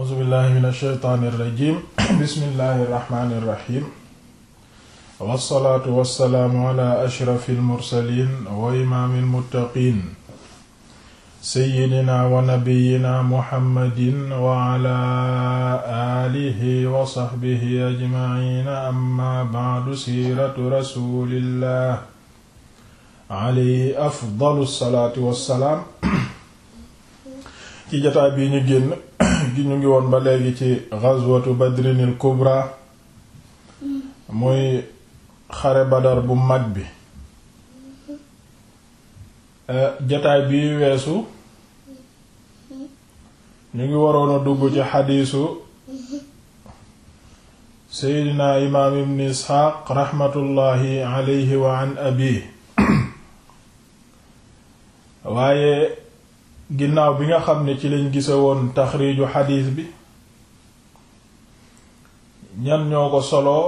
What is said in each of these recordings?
a'uuzu billahi min alsheytaan irrajim bismillahi irrahmani irrahim wassalaatu wassalaamu ala ashrafi almursalin wa imaami almuttaqin seyyidina wa nabiyina muhammadin wa ala alihi wa sahbihi ajmaciina amma bacdu siiratu rasulillah alayhi afdalu salaatu wassalaam ci jotaay bi ñu génn gi ñu ngi woon ba léegi ci ghazwatu badrinil kubra muy xare badar bu mag bi eh, jataay bi weesu ñu ngi waroon a dugg ci xadiisu seydina imaam ibn isxaaq raxmatullaahi wa an abi waaye ginnaaw bi nga xam ne ci lañ gise woon taxriiju xadiis bi ñan ñoo ko soloo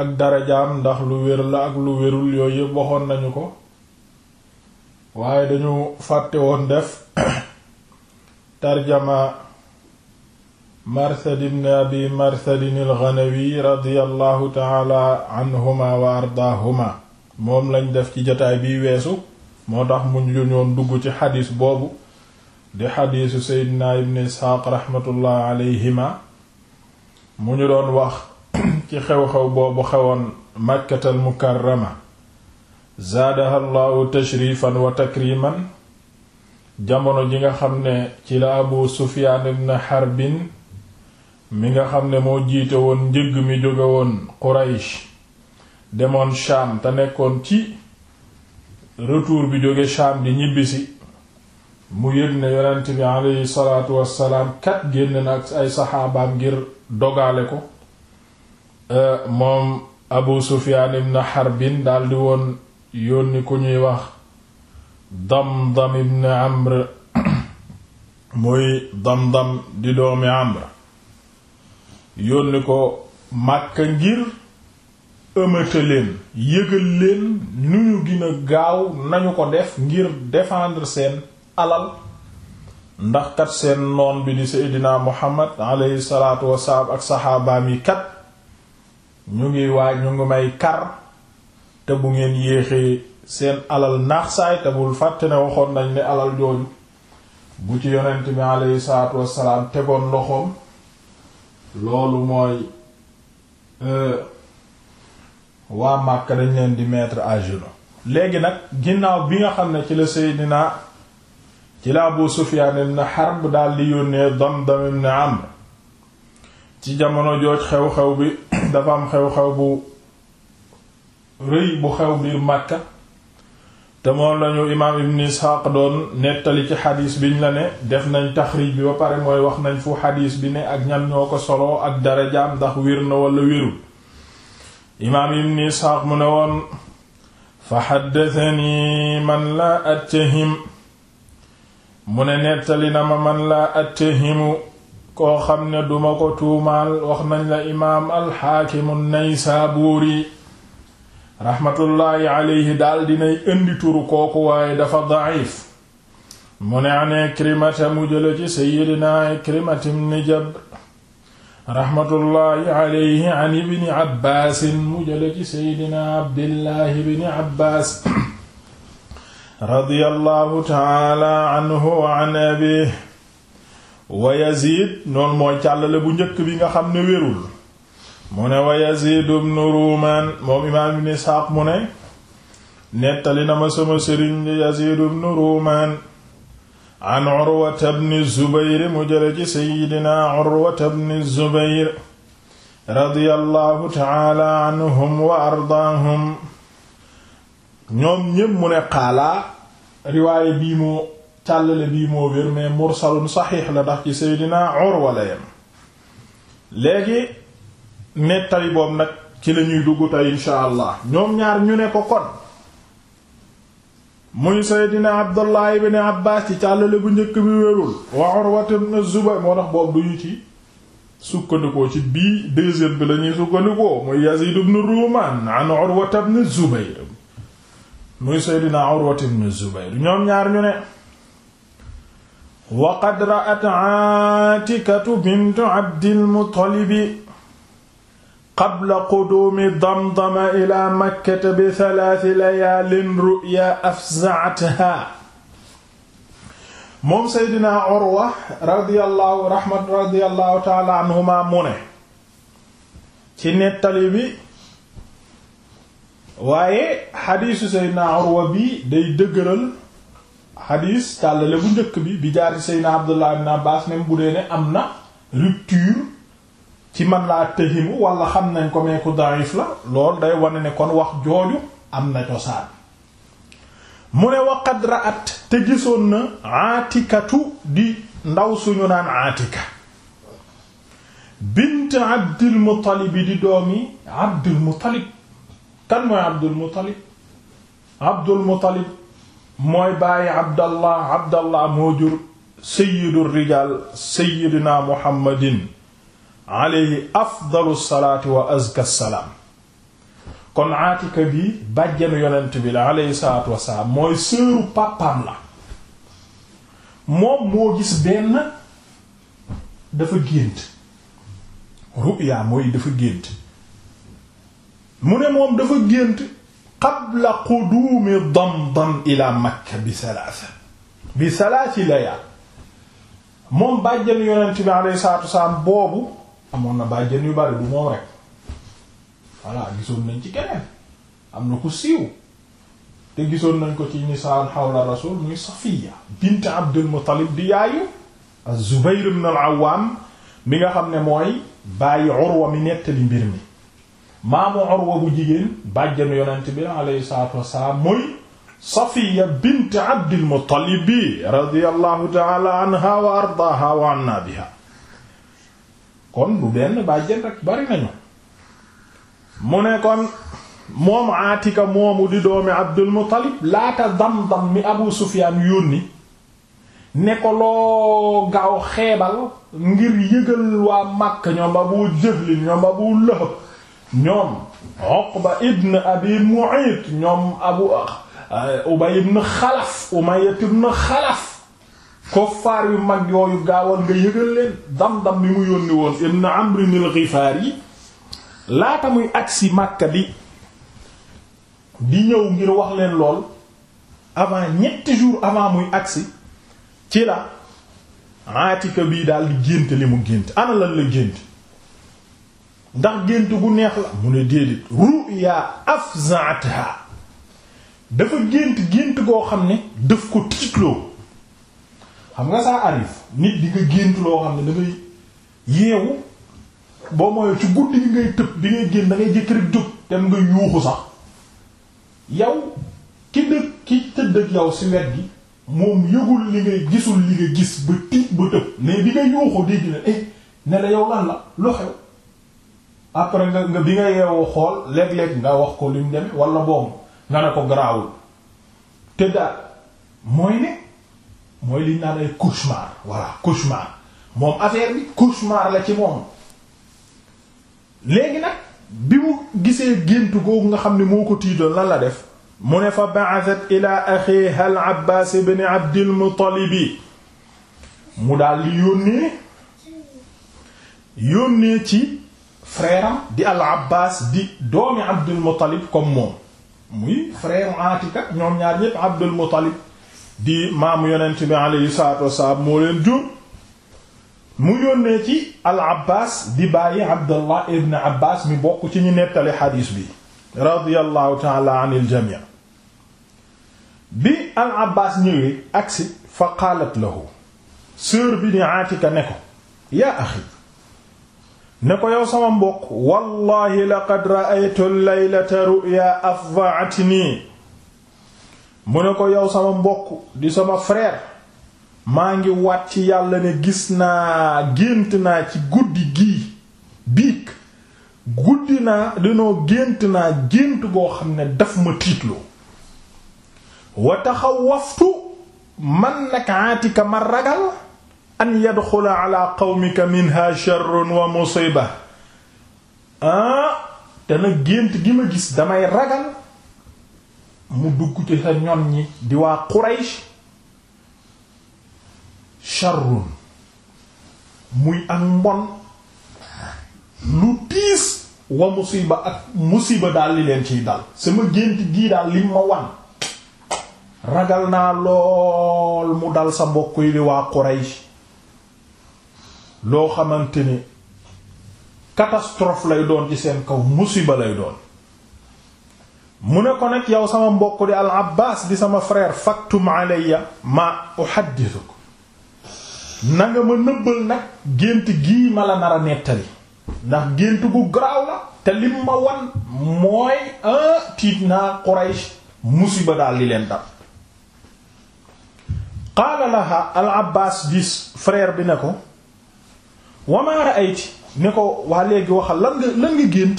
ak darajaam ndax lu wér la ak lu wérul yooyu yëpp waxoon nañu ko waaye dañu fàtte woon def tarjama marsad ibn abi marsadin al-ghanawi radiyallahu anhuma wa ardaahuma moom lañ def ci jotaay biy weesu moo tax mu ñu ñoon dugg ci xadiis boobu di xadiisu seydina ibn isxaaq raxmatullah alayhima mu ñu doon wax ci xew-xew boobu xewoon makkatal mukarrama zaadaha allahu tashrifan wa takriman jamono ji nga xam ne ci la abu sufyaan ibn xarbin mi nga xam ne moo jiite woon njëgg mi jóge woon quraysh demoon shaam te nekkoon ci retour bi jóge Sham di ñibbisi mu yëg ne yonent bi aleyhi salaatu wassalaam kat génn na ay saxaabaam ngir dogaale ko euh, moom Abu Sufyaan ibn Harbin daldi woon yónni ku ñuy wax Damdam ibn Amr muy Damdam di doomi Amr yónni ko Makka ngir ëmmëte leen yëgal leen nu ñu gën gaaw nañu ko def ngir défendre seen alal ndax kat seen noon bi di seydinaa muhammad alayhi salaatu wasalaam ak saxaabaam yi kat ñu ngi waaj ñu ngi may kar te bu ngeen yéexee seen alal naax saay te bul fàtte ne waxoon nañ ni alal jooju bu ci yonent bi alayhi salaatu wasalaam tegoon loxoom loolu mooy euh, waa Màkka dañ leen di metre à genoux léegi nag ginnaaw bi nga xam ne ci la Seydina ci la Abu Sufyaan ibn Harb daal di yónnee Damdam ibn Amr ci jamono jooj xew-xew bi dafa am xew-xew bu rëy bu xew biir Màkka te moom lañu imaam ibn Isxaaq doon nettali ci xadiis biñ la ne def nañ taxriij bi ba pare mooy wax nañ fu xadiis bi ne ak ñan ñoo ko solo ak darajaam ndax wér na wala wérul imaam ibn isxaaq mu ne woon fa xaddatani man la attahim mu ne nettali na ma man laa attahimu koo xam ne duma ko tuumaal wax nañ la imaam alxaakimu naysaabuuri raxmatullaahi aleyhi daal dinay indi kooku waaye dafa daciif mu ne an ikrimata mu jële ci seydinaa ikrimata ibn jabr raxmatullahi alayhi an ibni abbaasin mu jële ci seydina abdillahi ibni abbaas radiyallahu taala anhu wa an abi wa yazid noonu mooy càllale bu njëkk bi nga xam ni wérul mu ne wa yazid ibnu ruumaan moom imaam ibn isxaaq mu ne nettali na ma sama sëriñ yazid ibnu ruumaan an Urwata bni Zubayr mu jële ci seydina Urwata bni Zubayr radiyallahu taala wa ardaahum ñoom ñépp mu ne xaalaa riwaaye bii moo càllale bii moo wér mais mursalun saxiix la ndax ci seydina Urwa la yem léegi nettali boobu nag ci lañuy dugg tey insha allah ñoom ñaar ñu ne ko kon muy seydina abdullah ibn abbas ci càllale bu njëkk bi wérul wa urwat ibn zubayr moo tax boobu duñu ci sukkandikoo ci bii deuxième bi lañuy sukkandikoo muy yazid ibn ruumaan an muy seydina urwat ibn zubayr ñoom ñaar ñu ne wa qad ra'at aatikatu bintu abdil muttalibi qabla quduumi damdama ila makkata bi thalaati layaalin ru'ya afza'atha moom seydina Urwa radiyallahu rahmat radiyallahu taala anhuma mu ci nettali bi waaye xadiisu seydina Urwa bi day dëgëral xadiis tàllale bu njëkk bi bi jaar seydina Abdullah ibn Abbaas même bu dee am na rupture ci man laa tëhimu walla xam nañ ko mee ku la loolu day wane ne kon wax jooju am na cosaan mu ne waqad ra'at te gisoon na aatikatu di ndaw suñu naan aatika bint abdul muttalib di doomi abdul muttalib kan mooy abdul muttalib abdul muttalib mooy bàyyi abdallah abdallah moo jur rijaal sayyidina muhammadin alayhi afdalu salaati wa azka salaam kon Aatika bi bàjjenu yonent bi la la moom dafa gént ne moom dafa gént qabla quduumi Damdam ila Makka bi salaasa bi moom bàjjenu yonent bi alayhi salaatu boobu amoon na bàjjen yu bari du moom rek gisoon nañ keneen am na ku siiw te gisoon nañ ko ci nisaan xawla rasul muy safiya bint abdul muttalib di yaayu az-zubayr ibn al mi nga xam ne mooy bàyyi urwa mi nettali mbir mi maamu urwa bu jigéen bàjjanu yonent bi alayhi salatu wasalaam mooy safiya bint abdul muttalib bi radiyallahu ta'ala anha wa ardaha wa anna biha kon du benn bàjjen rek bari nañu mu ne kon moom Atika moomu di doomi Abdul Muttalib laata Damdam mi Abu Sufyaan yónni ne ko loo gaaw xeebal ngir yëgal waa Makka ñoom Abu Jahl ñoom Abu Lahab ñoom Uqba ibn Abi Mu'ayt ñoom Abu uh, Ubay ibn Xalaf Umayya ibn Xalaf koffaar yu mag yooyu gaawal nga yëgal leen dam-dam mi mu yónni woon ibn Amr al-Ghifari laata muy agsi Makka di di ñëw ngir wax leen lool avant ñetti jours avant muy agsi ci la Atika bii daal di gént li mu gént ana la gént ndax gént gu neex la mu ne déedéet ru'ya afza'atha dafa gént gént goo xam ne daf ko tiitloo xam nga saa arif nit di nga gént loo xam ne dangay yeewu boo mooy ci guddi gi ngay tëb bi ngay génn da ngay jëkk rek jóg nga yuuxu sax yow ki dëkk ki tëdd ak yow si wet gi moom yëgul li ngay gisul li nga gis ba tiit ba tëb mais bi nga yuuxu dégg na eh, ne la yow lan la lu après nga nga bi nga yeewu xool léeg-léeg nga wax ko li mu demee wala boom nga ne ko garaawul te mooy ne mooy liñ naan ay cauchemar voilà cauchemar moom affaire bi cauchemar la ci moom léegi nag bi mu gisee gént googu nga xam ni moo ko tiitoon la la def mu ne fa ba'athat ila axiha al abbas ibn abdil muttalibi mu daal di yónnee yónnee ci frère di al abbas di doomi abdul muttalib comme moom muy frère Atika ñoom ñaar ñépp abdul muttalib di maamu yonent bi alayhi salaatu wassalaam moo leen jur mu yónnee ci al abbas di bàyyi abdallah ibn abbas mi bokk ci ñu nettali xadiis bi radiyallahu taala an il jami bi al abbas ñëwee agsi fa qaalat lahu sœur bi di aatika ne ko yaa axi ne ko yow sama mbokk wallahi laqad ra'aytu laylata ru'ya afdha'atni mu ne ko yow sama mbokk di sama frère maa ngi waat ci yàlla ne gis naa gént naa ci guddi gii biig guddi naa dinoo gént naa gént boo xam ne daf ma tiitloo wa taxawaftu man nag aatika ma ragal an yadxula ala qawmika minha sharrun wa musiba ah te nag gént gi ma gis damay ragal mu dugg ci sa ñoon ñi di waa Quraysh sharrun muy ak mbon lu tiis wa musiba ak musiba daal li leen ciy dal sama gént gii daal li ma wan ragal naa lool mu dal sa mbokk yi di waa Quraysh loo xamante ni catastrophe lay doon ci seen kaw musiba lay doon mu ne ko nag yow sama mbokk di al abbas di sama frère faktum alayya ma uhaddithuk na nga ma nëbbal nag gént gii ma la nar a nettali ndax gént gu garaaw la te lim ma wan mooy ah, tiit naa Quraysh musiba daal li leen dal qaala laha al abbas di frère bi ne ko wa ma ra'ayti ne ko waa léegi waxal lan lan nga gént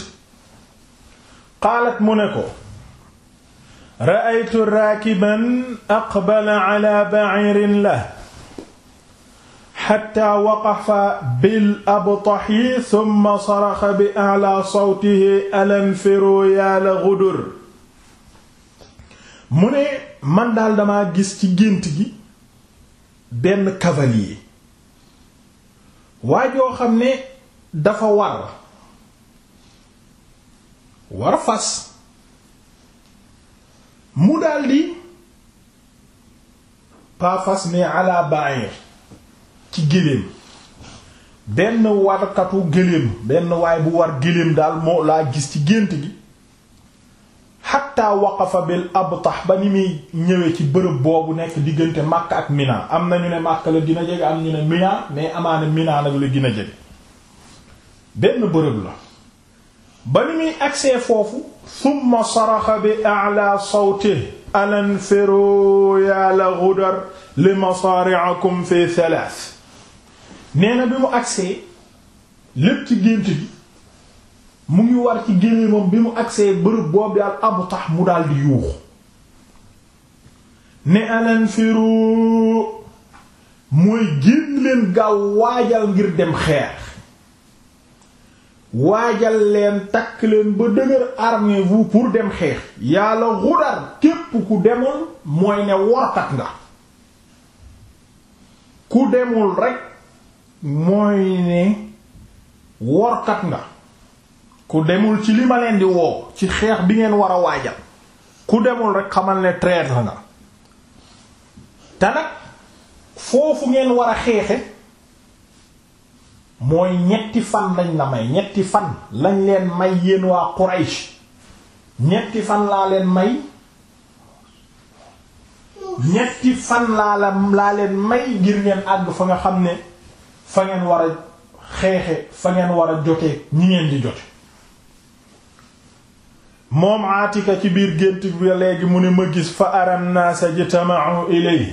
qaalat mu ne ko ra'aytu raakiban aqbala ala ba'irin lahu hatta waqafa bil abtahi thumma saraxa bi a'la sawtihi alanfiru yaa la ghudur mu ne man daal damaa gis ci gént gi benn cavalier waa joo xam ne dafa war war fas mu daldi pas fas mais ci géléem benn warkatu géléem benn waay bu war géléem daal moo laa gis ci gént gi xatta waqafa bil abtah ba ni muy ñëwee ci bërëb boobu nekk diggante Makka ak Mina am na ñu ne Makka la gën a jege am ñu ne Mina mais amaana Mina nag la gën a jege benn bërëb la ba muy agsee foofu summa saraxa bi ala sawti alanfiru yaa la ghudar li masaari'akum fi thalath nee bi mu agsee lépp ci gént bi mu ngi war ci géléemam bi mu agsee bërëb boobu daal abu tax mu daal di yuux ne alanfiru mooy génn leen gaaw waajal ngir dem xeer waajal leen takk leen ba dëgër armez-vous pour dem xeex yàlla xudar képp ku demul mooy ne workat nga ku demul rek workat nga ku demul ci li ma leen di woo ci xeex bi ngeen war a waajal ku demul rek xamal ne traître nga te nag foofu ngeen war a xeexe mooy ñetti fan lañ la may ñetti fan lañ leen may yéen waa Quraysh ñetti fan laa leen may ñetti fan laa la laa leen may ngir ngeen àgg fa nga xam ne fa ngeen war a xeexe fa ngeen war a jotee ñi ngeen di jote moom Aatika ci biir gént bi léegi mu ne ma gis fa aran naasa jitama'u ilay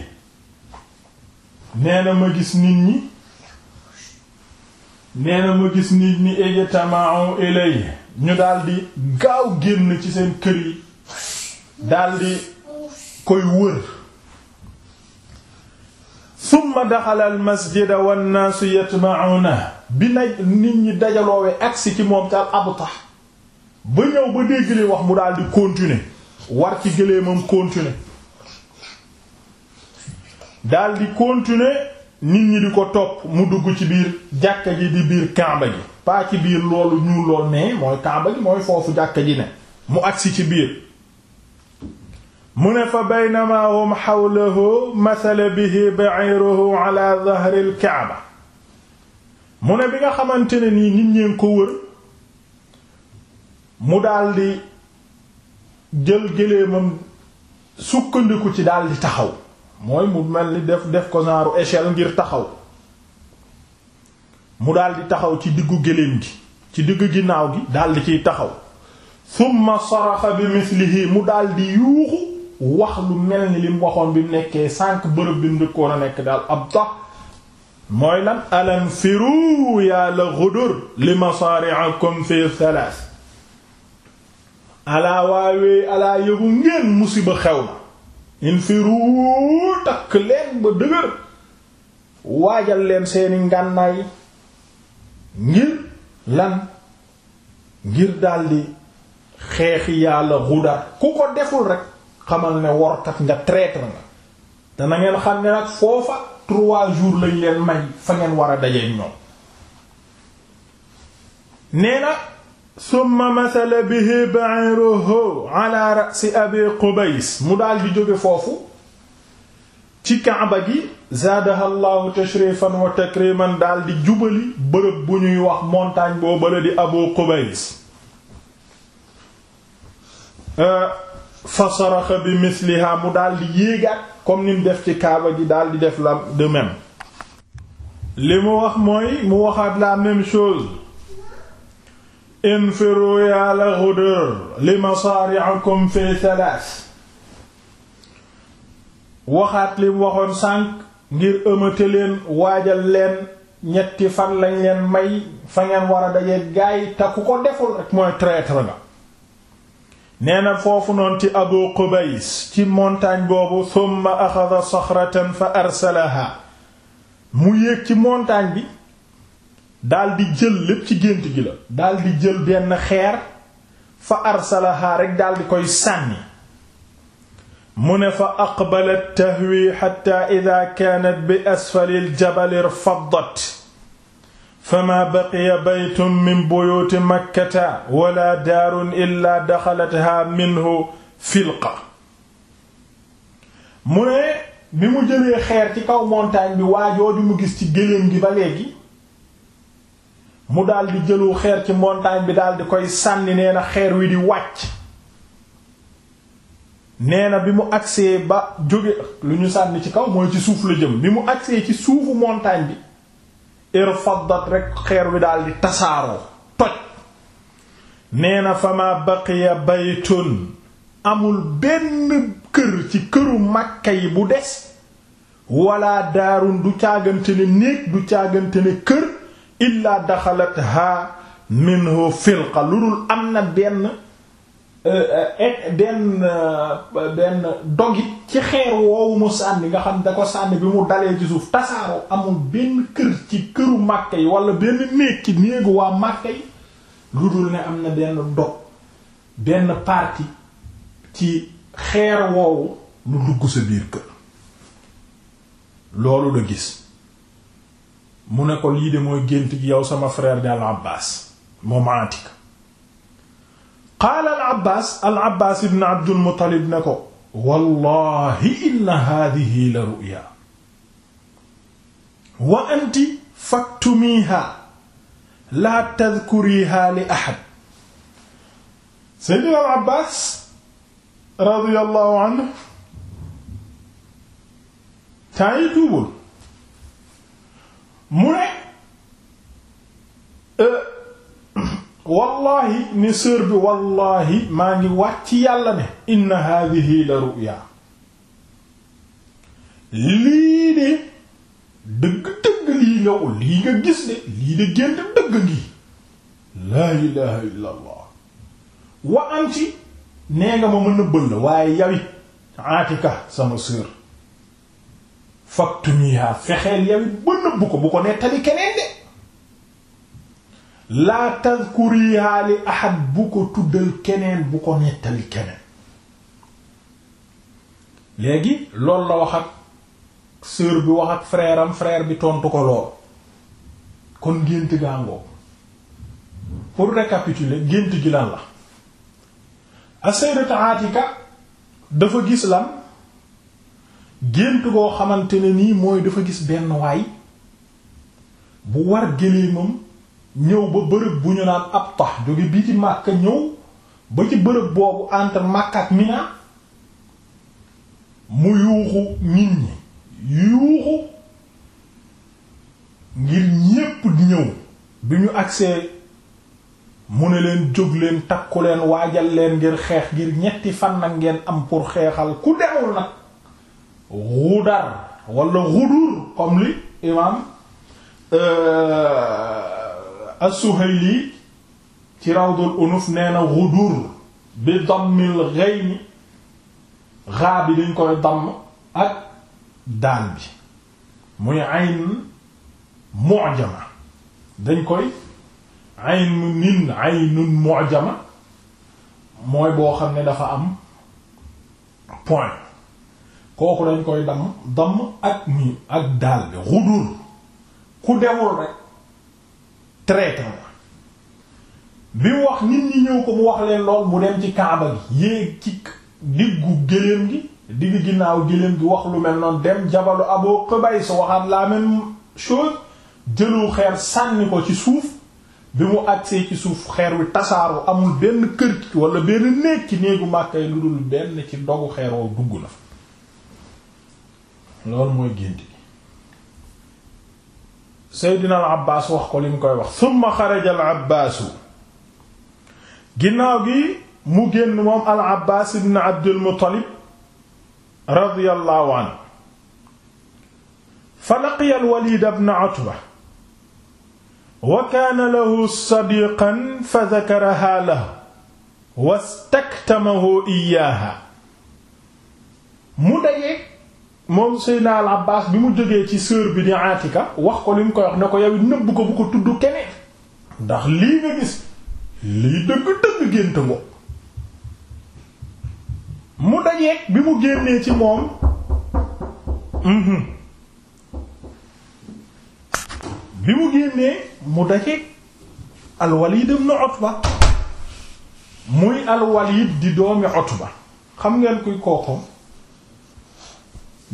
nee na ma gis nit ñi nee na ma gis nit ñi ijtama'u ilay ñu daldi gaaw génn ci seen kër yi daldi koy wër summa daxala al masjida wannaasu yatma'una bi nag nit ñi dajaloowe agsi ci moom ca al abtah ba ñëw ba dégg li wax mu daldi continuer war ci gëleemam continuer daldi continuer nit ñi di ko topp mu dugg ci biir jàkka ji di biir kamba ji paa ci biir loolu ñuul lool ne mooy kamba ji mooy foofu jàkka ji ne mu agsi ci biir mu ne fa baynama hum xawlahu masala bihi ba'iruhu ala dhahril kaaba mu ne bi nga xamante ne nii nit ñeen ko wër mu daldi jël géléemam sukkandiku ci daldi taxaw mooy mu mel ni def def ko naaru échelle ngir taxaw mu daldi taxaw ci diggu géléem gi ci diggu ginnaaw gi daldi ciy taxaw summa saraxa bi mislihi mu daldi yuuxu wax lu mel ni lim waxoon bi nekkee sànq bërëb bi mu a nekk daal ab tax mooy lan alam firu yaa la xudur li masari'akum fi thalath alaa waawee alaa yëgu ngeen musiba xew na infiru takk leen ba dëgër waajal leen seeni ngànnaay ngir lan ngir daldi xeexi yàlla xudar ku ko deful rek xamal ne workat nga traître nga te na xam ne nag foofa trois jours lañ leen may fa ngeen war a daje ñoom nee na summa bi bihi ba'iruhu ala ra'si abi qubays mu daal di jóge foofu ci kaaba gi zaadaha llahu tashrifan wa takriman daal di jubali bërëb bu ñuy wax montagne boo bële di abu qubays euh, fa saraxa bi misliha mu daal di yéegaat comme ni def ci kaaba gi daal di def la de même li mu wax mooy mu waxaat la même chose infiru yaa la xudur li masaari'akum fi thalath waxaat lim waxoon sànq ngir ëmmate leen waajal leen ñetti fan lañ leen may fa ngeen war a dajeeg gaay te ku ko deful rek mooy traître nga nee na foofu noon ci Abu Qubays ci montagne boobu thumma axada saxratan fa arsalaha mu yéeg ci montaañ bi daldi jël lépp ci gént gi la daal jël benn xeer fa arsalaha rek daal di koy sànni mu ne fa aqbalat tahwi hatta idha kanat bi asfalil jabal irfaddat fama baqiya baytun min buyuti makkata wala daarun illa daxalatha minhu filqa mu ne mu jëlee xeer ci kaw montagne bi waajooju mu gis ci gëléem gi ba léegi mu daal di jëlu xeer ci montagne bi daal di koy sànni nee na xeer wi di wàcc nee na bi mu agsee ba jóge lu ñu sànni ci kaw mooy ci suuf la jëm bi mu agsee ci suufu montagne bi irfaddat rek xeer wi daal di tasaaroo toj nee na fama baqiya baytun amul benn kër ci këru màkka yi bu des wala daarun du caagante ne néeg du caagante ne kër illaa daxalat ha minhu filqa lu dul am na benn euh, euh, benn euh, benn dogit ci xeer woowu mu sànni nga xam da ko sànni bi mu dalee ci suuf tasaaroo amul benn kër ci këru màkk yi walla benn néeg ci néegu waa màkk yi lu dul ne am na benn dog benn partie ci xeer woowu lu dugg sa biir kër loolu la gis mu ne ko lii de mooy gént gi yow sama frère di al abbas moom Atik qaala al abbas al abbas ibn abdul muttalib ne ko wallahi inna hadihi la ru'ya wa anti la tadhkuriha li ahad sayyidina al abbas radiyallahu anhu tayi tuubul mu ne euh, wallahi ne sœur bi wallahi maa ngi wàcc yàlla ne inna hadhihi la ru'ya lii de dëgg-dëgg lii nga ul lii nga gis de lii de gént dëgg ngi laa ilaha illa allah wa anti nee nga ma mën a bël la waaye yawit aatika sama sœur faktumiha fexeel yawit ba nëbb ko bu ko nettali keneen de laa tadkuriha li bu ko tuddal keneen bu ko nettali keneen léegi loolu la wax ak sœur bi wax ak frère am bi tontu ko lool kon gént gàngoo pour récapituler gént gi lan la as-sayyidatu Atika dafa gis lan gént koo xamante ne nii mooy dafa gis benn waay bu war géléemam ñëw ba bërëb bu ñu naan ab tax jóge bii ci Makka ñëw ba ci bërëb boobu entre Makka ak Mina mu yuuxu nit ñi yuuxu ngir ñépp ñëw bi ñu agsee mu ne leen jóg leen takku leen waajal leen ngir xeex ngir ñetti fan nag ngeen am pour xeexal ku demul nag xudar wala xudur comme li imam euh, as-Suhayli ci rawdul unuf nee na xudur bi dammil gayni xaa bi dañ koy damm ak daan bi muy ayn mu'jama dañ koy ayn nin aynun mu'jama mooy boo xam ne dafa am point kooku lañ koy dam dam ak mi ak daal bi xudur ku demul rek traître bi mu wax nit ñi ñëw ko mu wax leen lool mu dem ci kaaba yéeg ci diggu géléem gi digg ginnaaw géléem gi wax lu mel noonu dem jabalu Abu Qubays waxaat la même chose jëlu xeer sànni ko ci suuf bi mu agsee ci suuf xeer wi tasaaru amul benn kër ci wala benn néeg néegu Màkka yi lu dul benn ci dogu xeer woo dugg na loolu mooy gént gi Seydina al Abbaas wax ko li mu koy wax summa xaraja al Abbaasu ginnaaw gi mu génn moom al Abbaas ibn Abdul Muttalib radiyallahu anhu fa laqiya al Waliid ibn Utba wa kaana lahu sadiiqan fa dakarahaa lahu wastaktamahu iyyaahaa mu daje moom naa la Abbas bi mu jógee ci sœur bi di Atika wax ko li mu koy wax ne ko yow nëbb ko bu ko tudd keneen ndax lii nga gis lii dëgg-dëgg gént ngo mu dajeeg bi mu génnee ci moom mm-hmm. bi mu génnee mu dajeeg al Walid ibn Utba muy al Walid di doomi Utba xam ngeen kuy kooku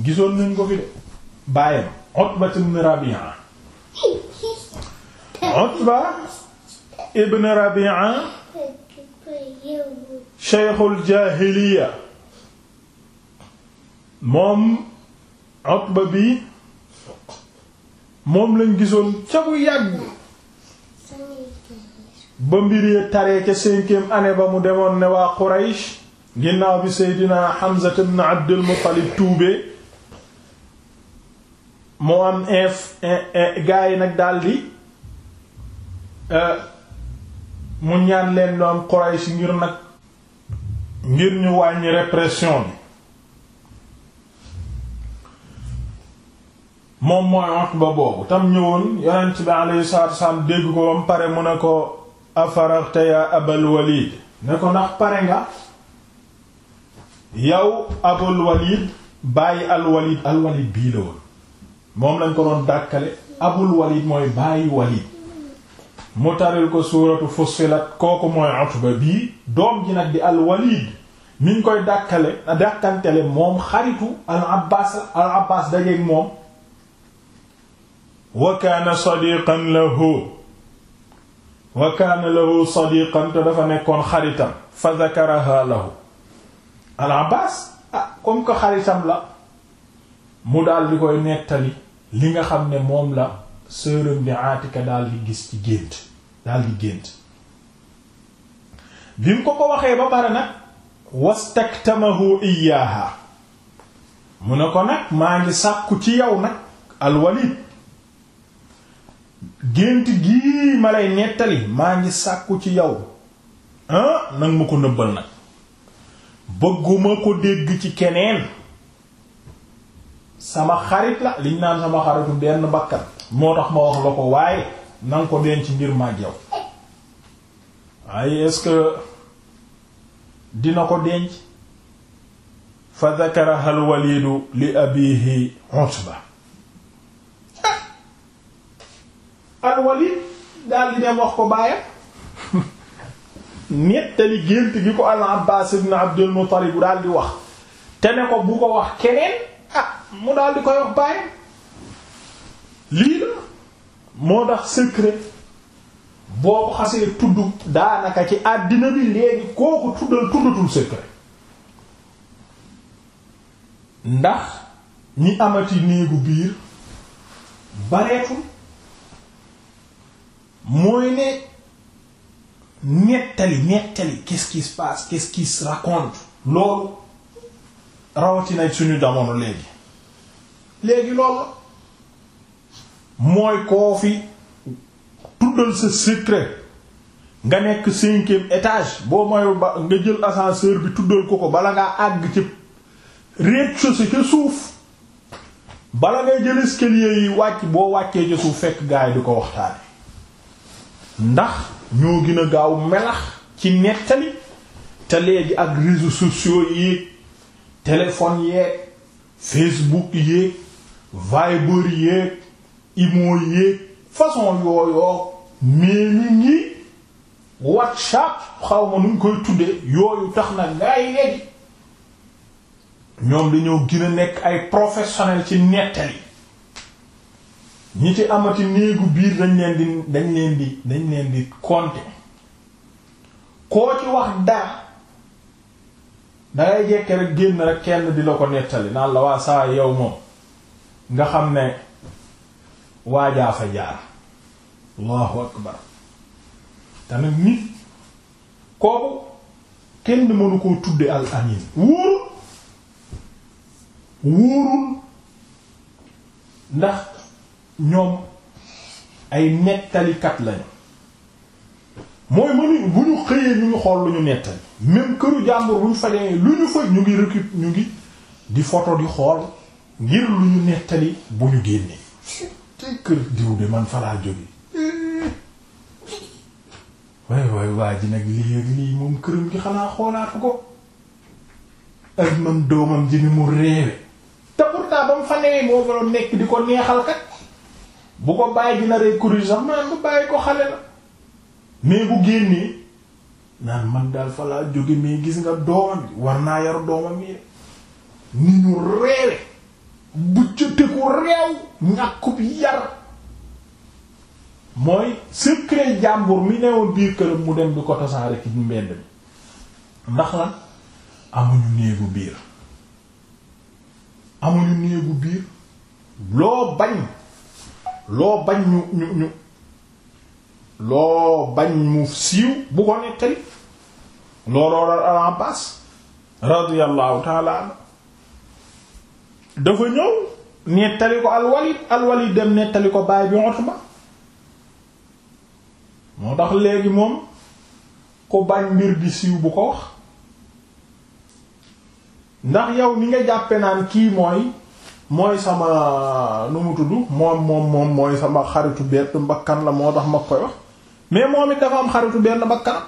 gisoon nañ ko fi de bàyyam moom moom lañ gisoon ca bu yàgg ba mbir taree ca cinquième année ba mu demoon ne waa Quraysh ginnaaw bi Seydina Hamza ibn Abdul Muttalib tuubee mu am inf eh, eh, gaa yi nag daldi eh, mu ñaan leen lu am Quraysh ngir nag ngir ñu wàññi répression bi moom mooy wax ba boobu tam ñëwoon yonent bi alayhi salaatu wasalaam dégg ko ba mu pare mu ne ko afaraxte yaa Abal Walid ne ko ndax pare nga yow Abul Walid bàyyi Al Walid Al Walid bii la moom lañ ko doon dàkkale abul walid mooy bàyyi walid mu taril ko suuratu fussilat kooku mooy utba bii doom ji nag di al walid niñ koy dàkkale dàkkantele moom xaritu al abbas al moom wa kaana sadiqan lahu wa kaana lahu sadiqan te dafa nekkoon xaritam fa zakaraha lahu al abbas ah comme que xaritam la mu dal di koy nettali li nga xam ne moom la sërëm bi Atika daal di gis ci gént daal di gént bi mu ko ko waxee ba pare nag wastaktamahu iyaaha mu ne ko nag maa ngi sàkku ci yow nag alwalid gént gii ma lay nettali maa ngi sàkku ci yow ah nag ma ko nëbbal nag bëgguma ko dégg ci keneen sama xarit la liñ naan sama xaritu benn bakkan moo tax ma wax la ko waaye na ko denc ngir mag yow waaye est dina ko denc fa zakaraha al walidu li abihi utba al walid daal di dem wax ko baayam nettali gént gi ko al ibn abdul muttalib daal di wax te ne ko bu ko wax keneen ah mu daal di koy wax bàyyi lii la moo tax secret boo ko xasee tudd daanaka ci àddina bi léegi kooku tuddal tuddatul secret ndax ñi amati néegu biir bareetul mooy ne nettali nettali quest qui se quest qui raconte loolu rawatina suñu jamono léegi léegi loolu mooy koo fi tuddal sa secret nga nekk cinquième étage boo moy ba nga jël ascenseur bi tuddal ko ko bala ngaa àgg ci rez de ca suuf bala ngay jël escalier yi wàcc boo wàccee ca suuf fekk gaay di ko waxtaane ndax ñoo gën gaaw melax ci nettali te léegi ak réseaux sociaux yi téléphone yeeg Facebook yeeg Viber yeeg Imo yeeg façon yooyoo mailing yi WhatsApp xaw ma nu ñu koy tuddee yooyu tax na ngay léegi ñoom dañoo gën a nekk ay professionnel ci nettali ñi ci amati néegu biir dañ leen di dañ leen di dañ leen di compter koo ci wax dara dangay jekke rek génn rek kenn di la ko nettali naan la waa saa yow moom nga xam ne waajaa fa jaar allahu akbar tamit nit kooku kenn mënu koo tudde al amin wóorul ndax ñoom ay nettalikat lañu mooy mënuñ bu ñu xëyee ñu xool lu ñu nettali même këru jàmbur lu ñu faj ñu ngi récup ñu ngi di photo di xool ngir lu ñu nettali bu ñu génnee te kër diw de man falaa jóge waay waay waa ji nag lii ak lii moom këram gi xanaa xoolaatu ko ak mam doomam ji ni mu réewe te pourtant ba mu fa newee moo fa nekk di ko neexal kat bu ko bàyyi dina rey kuréel sax man bu bàyyi ko xale la mais bu génnee naan man daal fa laa jóge mais gis nga doomam bi war naa yar doomam yi ni ñu reewe buccate ku reew ñàkkub yar mooy secret jàmbur mi newoon biir këram mu dem bi ko tasaare ci mbedd mi ndax lan amuñu néegu biir amuñu néegu biir loo bañ loo bañ ñu ñu loo bañ mu siiw bu ko nettali looloo dal al Abbaas radiyallahu dafa ñëw nettali ko alwalid alwalid dem nettali ko baay bi Utba moo tax léegi moom ko bañ mbir di siiw bu ko wax ndax yow ni nga jàppe naan kii mooy mooy sama nu mu tudd moom moom moom mooy sama xaritu bett mbakkan la moo tax ma koy wax mais moom it dafa am xaritu benn bakkanam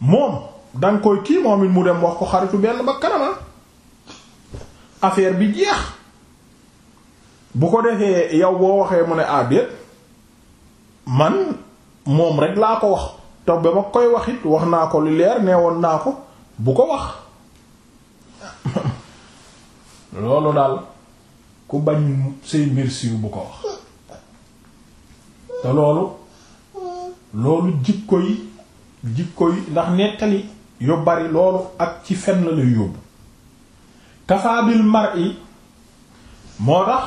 moom danga koy kii moom it mu dem wax ko xaritu benn bakkanam ah. affaire bi jeex bu ko defee yow boo waxee mu ne àddeet ah, man moom rek laa ko wax te ba ma koy waxit wax naa ko li leer nee woon naa ko bu ko wax loolu daal ku bañ say mbir bu ko wax te loolu loolu jikko yi jikko yi ndax nettali yu bari loolu ak ci fen la lay yóbbu kafaabil mar'i moo tax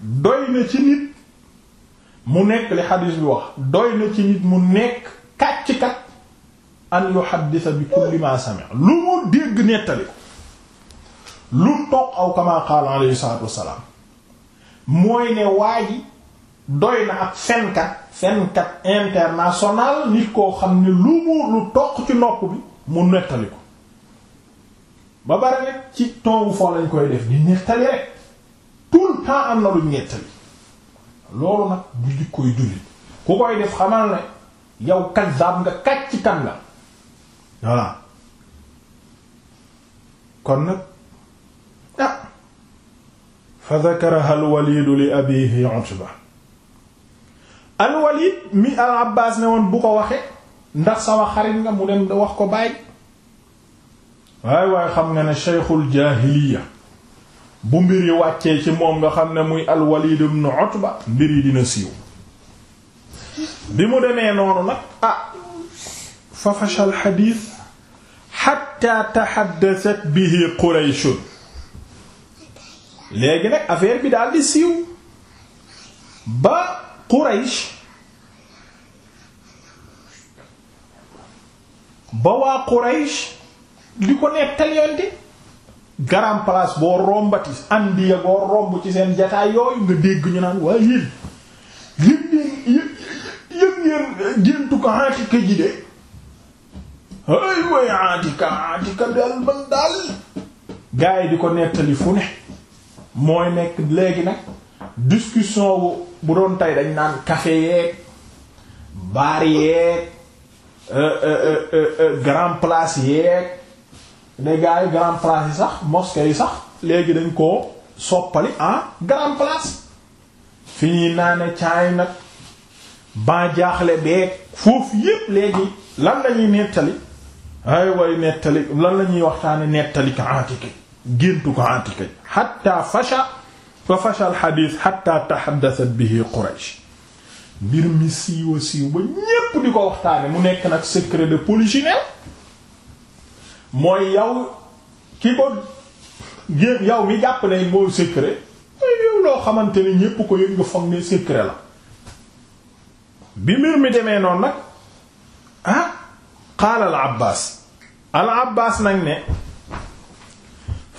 doy na ci nit mu nekk li xadiis bi wax doy na ci nit mu nekk kàcc-kat an yuhaddisa bi kulli ma lu mu dégg nettali ko lu toog aw kama qaala salaatu wassalaam mooy ne waa doy na ak fenkat fenkat international nit koo xam ne lu mu lu toq ci nopp bi mu nettali ko ba bari rek ci tongu foo lañ koy def di nettali rek temps am na luñ nettali loolu nag du jikkoy jullit ku koy def xamal ne yow kazzab nga kàcc kan la voilà kon nag ah. fa dhakaraha al walid li abihi utba al Walid mi al Abbas ne woon bu ko waxee ndax sama xarit nga mu dem wax ko bàyyi waay waaye xam na ne sheykhul jaahiliya bu mbir yi wàccee ci moom nga xam ne muy al Walid ibn Utba mbir yi dina siiw bi mu demee noonu nag ah fa fashal xadiis xatta taxaddasat bihi Qurayshun léegi nag affaire bi daal di siiw ba Quraysh ba waa Quraysh di ko nettal yonte grand place boo rombati andiya boo romb ci seen jataay yooyu nga dégg ñu naan waaye yéen yéen yéen yéen géntu ko Atika ji de ay way Atika Atika daal man daal gars yi di ko nettali fu ne mooy nekk léegi nag discussion wu bu doon tey dañ naan café yeeg bar yeeg euh, euh, euh, grand place yeeg ne gars yi grand place yi sax mosquée yi sax léegi dañ koo soppali ah grand place fi ñuy naane caay nag ban jaaxle beeg foofu yépp léegi lan la ñuy nettali ay way nettali lan la ñuy waxtaane nettali ko antique géntu ko antique hatta fasha fa fashal xadiis xatta taxaddasat bihi Quraysh mbir mi siiwa siiw ba ñépp di ko waxtaane mu nekk nag secret de polichinelle mooy yow ki ko génn yow mi jàpp ne mooy secret mooy yow loo xamante ni ñépp ko yëg nga ne secret la bi mbir mi demee noon nag ah qaala al Abbaas al Abbaas nag ne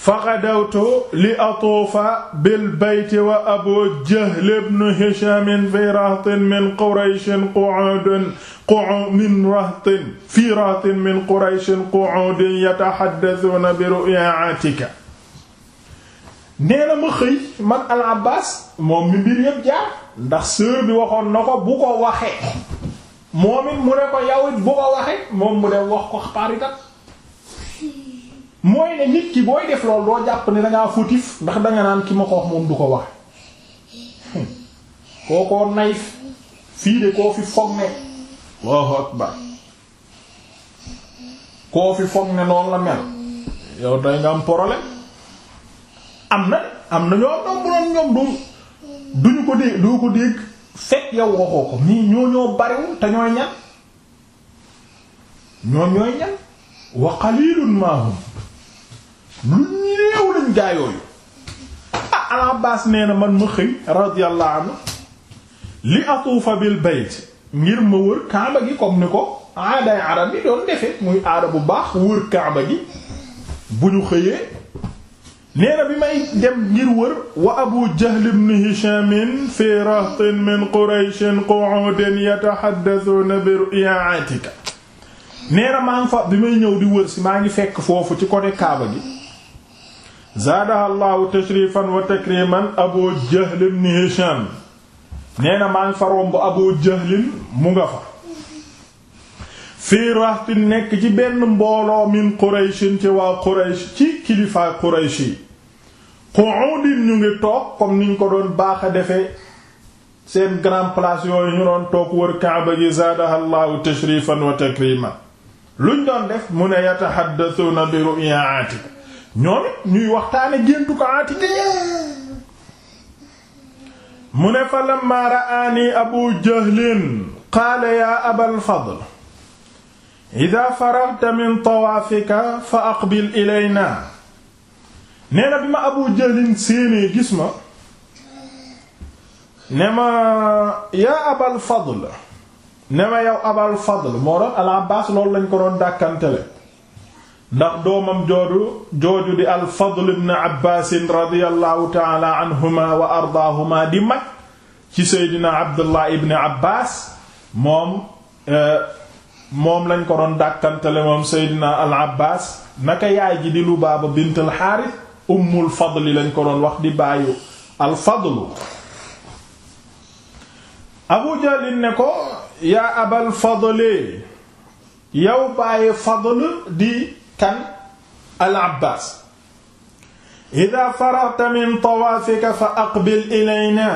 faxadawtu li atuufa bilbeyti wa abu jahl bnu hishamin fi rahtin min qurayshin qu'uudun min rahtin fi rahtin min qurayshin qu'uudun yataxaddasuuna bi ru'yaa aatika nee na ma xëy man al abbaas moom mi mbir yépp jaar ndax sœur waxoon na ko bu ko waxee moom mu ne ko yow bu ko waxee moom mu dem wax ko xabaar mooy ne nit ki booy def loolu doo jàpp ne dangaa fautif ndax danga naan ki ma ko wax moom du ko wax hmm. kookoo nay fii de koo fi foog ne Allahu akbar koo fi foog ne noonu la mel yow day nga am problème am na am na ñoo doom bu doon ñoom du duñu ko dégg doo ko dégg fekk yow waxoo ko nii ñoo ñoo bariwul te ñooy ñan ñoom ñooy ñan wa qalilun mahum lu néew lañ gaa yooyu ah al Abbaas man ma xëy radiyallahu anhu li atuufa bil bayt ngir ma wër kaaba gi comme ni ko aaday arab yi doon defee muy aada bu baax wër kaaba gi bu ñu xëyee nee na bi may dem ngir wër wa abu jahl ibn hishamin fi rahtin min qurayshin qu'udun yatahaddathuna bi ru'yatika nee na maa ngi fa bi may ñëw di wër si maa ngi fekk foofu ci côté kaaba gi zaadaha allahu tashrifan wa takriman abu jahl ibn hisham maa ngi fa romb abu jahlin mu nga fa fii raxti nekk ci benn mbooloo min qurayshin ci waa quraysh ci kilifaay quraysh yi qu'udin ñu ngi toog comme niñ ko doon baax a defee seen grand place yooyu ñu doon toog wër kaaba gi zaadaha allahu wa takriman luñ doon def mu ne yataxaddasuuna bi ru'yaati ñoom ñuy waxtaane géntu ko Aatika mu ne fa lamma ra'aani Abu Jahlin qaala yaa Abal Fadl idaa faraghta min tawaafika fa aqbil ilaynaa nee na bi ma Abu Jahlin séenee gis ma ne ma yaa Abal Fadl ne ma yow Abal Fadl moo doon Al Abbaas loolu lañ ko doon dàkkantele ndax doomam jooju jooju di alfadl ibn abbaas radiyallahu taala anhuma wa ardaahuma di mag ci seydina abdullah ibn abbaas eh, moom lañ ko doon dàkkantale moom seydina al abbaas naka yaay ji di lubaaba bint al xaaris ummul fadli lañ ko doon wax di bàyyu al fadlu abu jalin ne ko yaa abal fadli yow bàyyi fadl di kan al abbaas ida faragta min tawaafika fa aqbil ilayna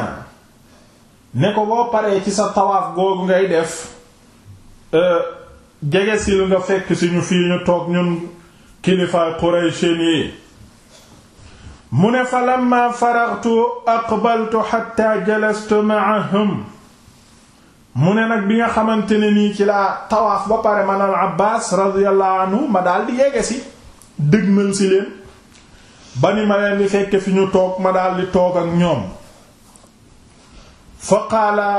ne ko boo pare ci sa tawaaf googu ngay def euh, jege si lu nga fekk si ñu fii toog ñun kilifaay qurayshin mu ne fa lamma faragtu aqbaltu hatta jalastu ma'ahum mu ne nag bi nga xamante ne nii ci laa tawaaf ba pare man al Abbaas radiyallahu anhu ma daal di yegge si dëgmal si leen ba ni ma leen di fekke fi ñu toog ma daal di toog ak ñoom fa qaala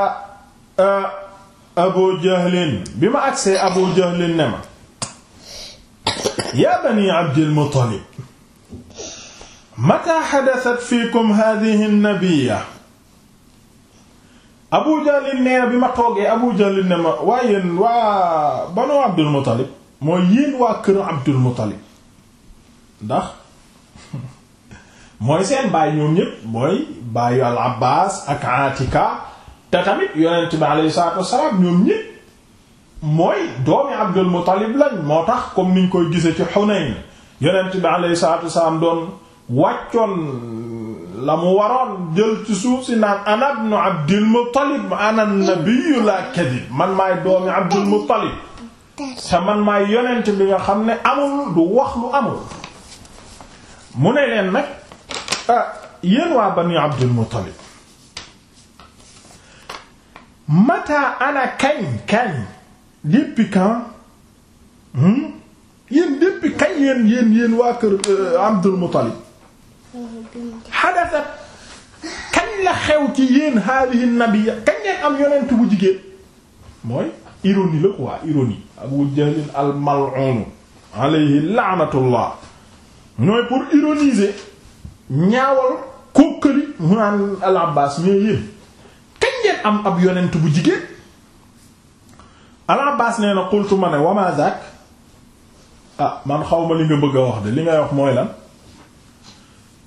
Abu Jahlin bi ma agsee Abu Jahlin ne ma yaa bani Abdil Muttalib mata hadathat fiikum hadhihi an Abu Jahl nee bi ma toogee Abu Jahl ne ma waaye yéen waa banu Abdul Muttalib mooy yéen waa kër Abdul Muttalib ndax mooy seen baay ñoom ñépp mooy baayu al Abbaas ak Atika te tamit yonent bi alayhi salaatu wassalaam ñoom ñépp mooy doomi Abdul Muttalib lañ moo tax comme niñ koy gisee ci Hunayn yonent bi alayhi salaatu wassalaam doon wàccoon la mu waroon jël ci suuf si naan ana ibnu Abdul Muttalib ana nabiyyu laa kadib man maay doomi Abdul Muttalib man maay yonent bi nga xam ne amu du wax lu amul mu ne leen nag ah, yéen waa bani Abdul mata ana kañ kañ depuis quand hmm? yéen depuis kañ yéen yéen waa kër euh, Abdul xadasat kañ la xew ci yéen haadihi nabiyya kañ ngeen am yonent bu jigéen mooy ironie la quoi ironie abu jahlin al mal'un alayhi mooy pour ironiser ñaawal kókkali mu naan al abbas mais kañ ngeen am ab yonent bu jigéen al abbas nee na qultu ma ne wa ma ah man xawma li nga bëgg a wax de li ngay wax mooy la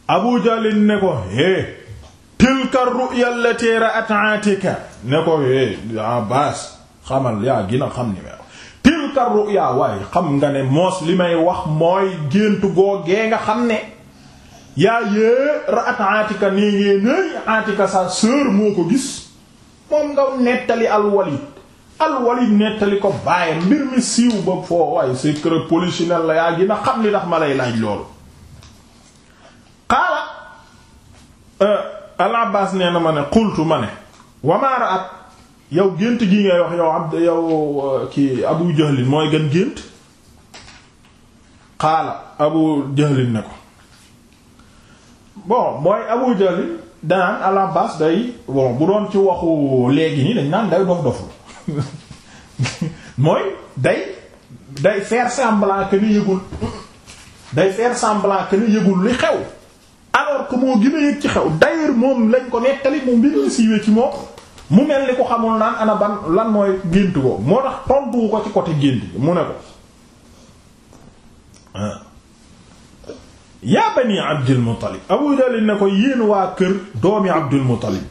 abu jalin ne ko hee tilka ru'ya allati ra'at atika ne ko hee yaa baas xamal yaa gina xam ni may tilka ru'ya waaye xam nga ne moos li may wax mooy gént googee nga xam ne yaa yee ra'at atika nee nay atika sa sœur moo ko gis moom nga nettali alwalid alwalid nettali ko bàyyi mbir mi siiw ba foo waaye secret polichinelle la yaa gina xam li tax ma lay laaj loolu qaala euh, al Abbaas nee na ma ne qultu ma ne wamaara at yow gént gi ngay wax yow abd yow euh, ki Abu Jahlin mooy gën gént qaala Abu Jahlin ne ko bon mooy Abu Jahlin danaan al Abbaas day bon bu doon ci waxu léegi nii dañ naan day dof dof mooy day day faire semblant que ni yëgul day faire semblant que ni yëgul li xew alors que moo gën a yëg ci xew d'ailleurs moom lañ ko nettali mu mbir la siiwee ci moom mu mel ni ko xamul naan ana ban lan mooy gént ko moo tax tontu ko ci côté gént mu ne ko ah, yaa bani Abdul Muttalib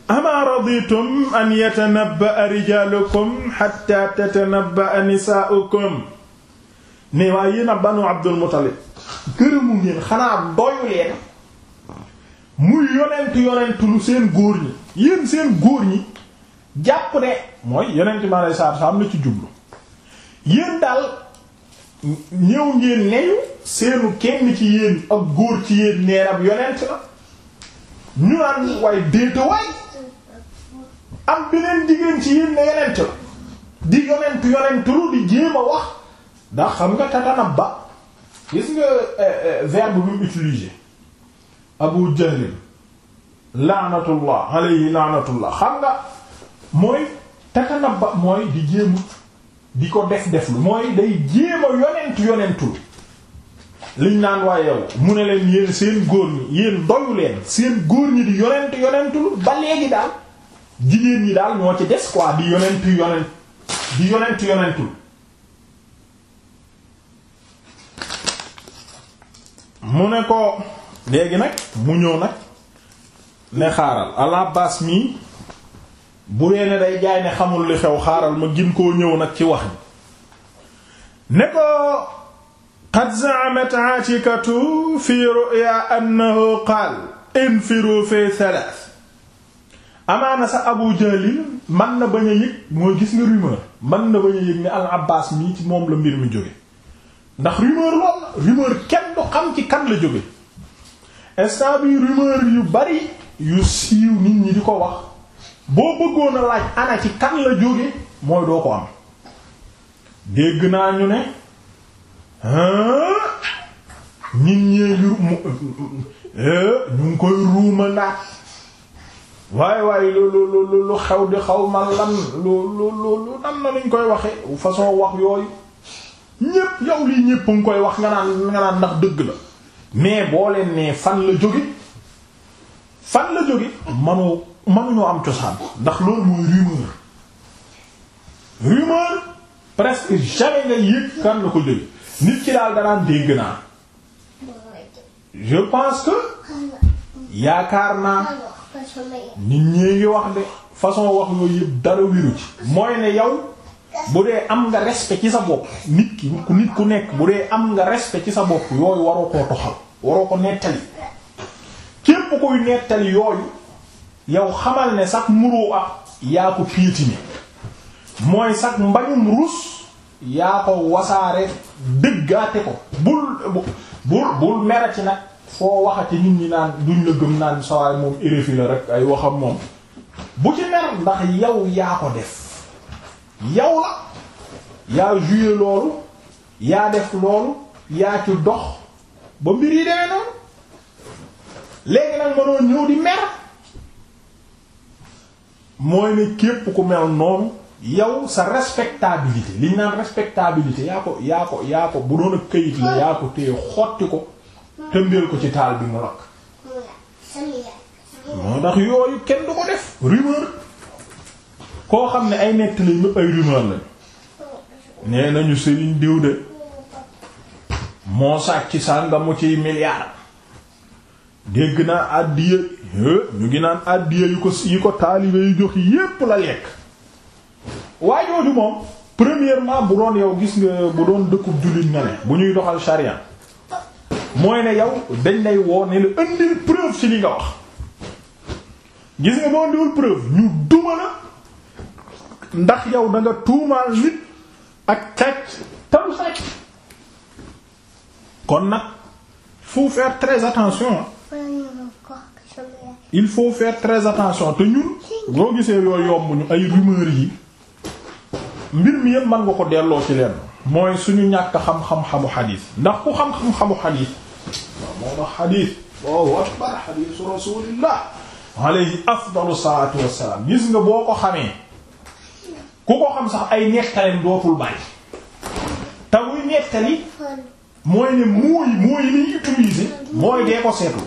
amaa raditum an yatanabba'a rijaalukum hatta tatanabba'a nisaa'ukum ne waa yéen a banu Abdul Muttalib gërëmu ngeen xanaa doyu leen muy yonent yonent lu seen góor ñi yéen seen góor ñi jàpp ne mooy yonent ma lay saar saam la ci jublu yéen daal ñëw ngeen neñu seenu kenn ci yéen ak góor ci yéen neenam yonent la ñu naan waaye déeta waay am beneen jigéen ci yéen ne yonent la di yonent yonent lu di jéem a wax ndax xam nga tatanab ba gis nga eh, eh, verbe bi mu utiliser abu jahlin laanatullah alayhi laanatullah xam nga mooy tatanabba mooy di jéem di ko def def lu mooy day jéem yonent yonentul liñ naan waa yow mu ne leen yéen seen góor ñi yéen doyu leen seen góor ñi di yonent yonentul ba léegi daal jigéen ñi daal ñoo ci des quoi di yonent yonent di yonent yonentul mu ne ko léegi nag mu ñëw nag ne xaaral al-Abbaas mii bu dee ne day jaay ne xamul li xew xaaral ma gin koo ñëw nag ci wax ne ko qad za'amat Aatikatu fi ru'ya annahu qaal infiru fi thalath amaana sa Abu Jahl man na bañ a yëg mooy gis nga rumeur man na bañ a yëg ne al-Abbaas mii ci moom la mbir mi jóge ndax rumeur lool rumeur kenn du xam ci kan la jóge instant bi rumeur yu bari yu siiw nit ñi di ko wax boo bëggoon a laaj ana ci kan la jóge mooy doo ko am dégg naa ñu ne nit ñee ñu euh, ñu ngi koy ruuma ndaat waaye waaye lu lu lu lu xew di xaw ma lan lu lu lu nan na luñ koy waxe façon wax yooyu ñépp yow lii ñépp nga koy wax nga naan nga naan ndax dëgg la mais boo leen nee fan la jóge fan la jóge manu manuñoo am cosaan ndax loolu mooy rumeur presque jamais nga yëg kan la ko jóge nit ki daal danaan dégg naa je pense que yaakaar naa nit ñee ngi wax de façon wax yooyu yëpp dara wiru ci mooy ne yow bu dee am nga respect ci sa bopp nit ki nit ku nekk bu dee am nga respect ci sa bopp yooyu waroo koo toxal waroo ko nettali képp koy nettali yooyu yow xamal ne sax muroo ak yaa ko piitini mooy sax mbañum rus yaa ko wasaare dëggaate ko bul bul bul merati nag foo waxati nit ñi naan duñ la gëm naan sawaay moom éréfi rek ay waxam moom bu ci mer ndax yow yaa ko def yow la yaa joué loolu yaa def loolu yaa ci dox ba mbir yi dee noonu léegi nag ma doon ñëw di mer mooy ne képp ku mel noonu yow sa respectabilité li ñu naan respectabilité yaa ko yaa ko bu doon a këyit la yaa ko téye xotti ko tëmbeel ko ci taal bi mu lakk moo tax yooyu kenn du ko def rumeur koo xam ne ay nett lañ ay rumeur lañ nee nañu Serigne diw de moo sàcc sàngamu ciy milliard dégg naa àddiya ñu ngi naan àddiya yu ko yi ko taalibe yu jox yépp la lekk waa jooju moom premièrement bu doon yow gis nga bu doon dëkkub jullit nga ne bu ñuy doxal sharia mooy ne yow dañ lay woo ne la indil preuve ci li nga wax gis nga boo ndiwul preuve ñu duma la ndax yow da nga tuumaal nit ak sàcc talu sàcc kon nag faut faire très attention il te ñun boo gisee yooyu yomb ñu ay rumeur yi mbir mi yëpp mën nga ko delloo ci leen mooy suñu ñàkk xam-xam-xamu xadiis ndax ku xam-xam-xamu xadiis waaw moo tax xadiis waaw akbar xadiisu rasulillah alayhi afdalu salaatu wassalaam gis nga boo ko xamee ku ko xam sax ay nettaleem dootul bari te muy nettali mooy ne mooy mooy liy utiliser mooy dee ko seetlu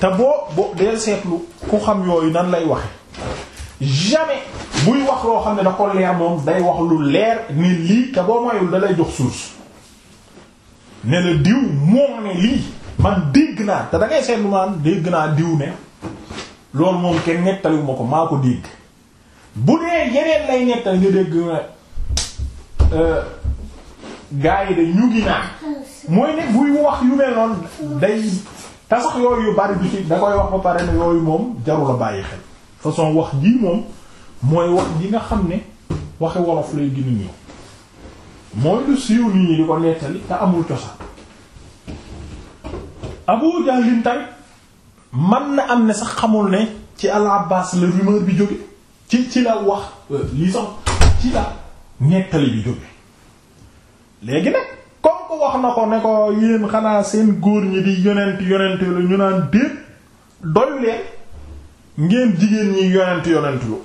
te boo boo dee seetlu ku xam yooyu nan lay waxe jamais buy wax loo xam ne da ko leer moom day wax lu leer ni lii te boo mayul da lay jox source ne la diw moom ne lii man dégg naa te da ngay seetlu maan dégg naa diw ne loolu moom kenn nettaliwu ko maa ko dégg bu dee yeneen lay nettal nga dégg euh, gars yi de ñu ngi naan mooy ne buy wax yu mel noonu day te yooyu yu bari bi ci da koy wax ba pare na yooyu moom jarul a bàyyi xel façon wax jii moom mooy wax ji nga xam ne waxi wolof lay gën a ñëw mooy lu siiw nit ñi di ko nettali te amul cosaan Abu Jahl man na am ne sax xamul ne ci Al Abbas la rumeur bi jóge ci ci la wax euh, lii sax ci la nettali bi jóge léegi nag comme wax na ko ne ko yéen xanaa seen góor ñi di yonent yonent ñu naan déet doyu ngeen jigéen ñi yonent yonent lu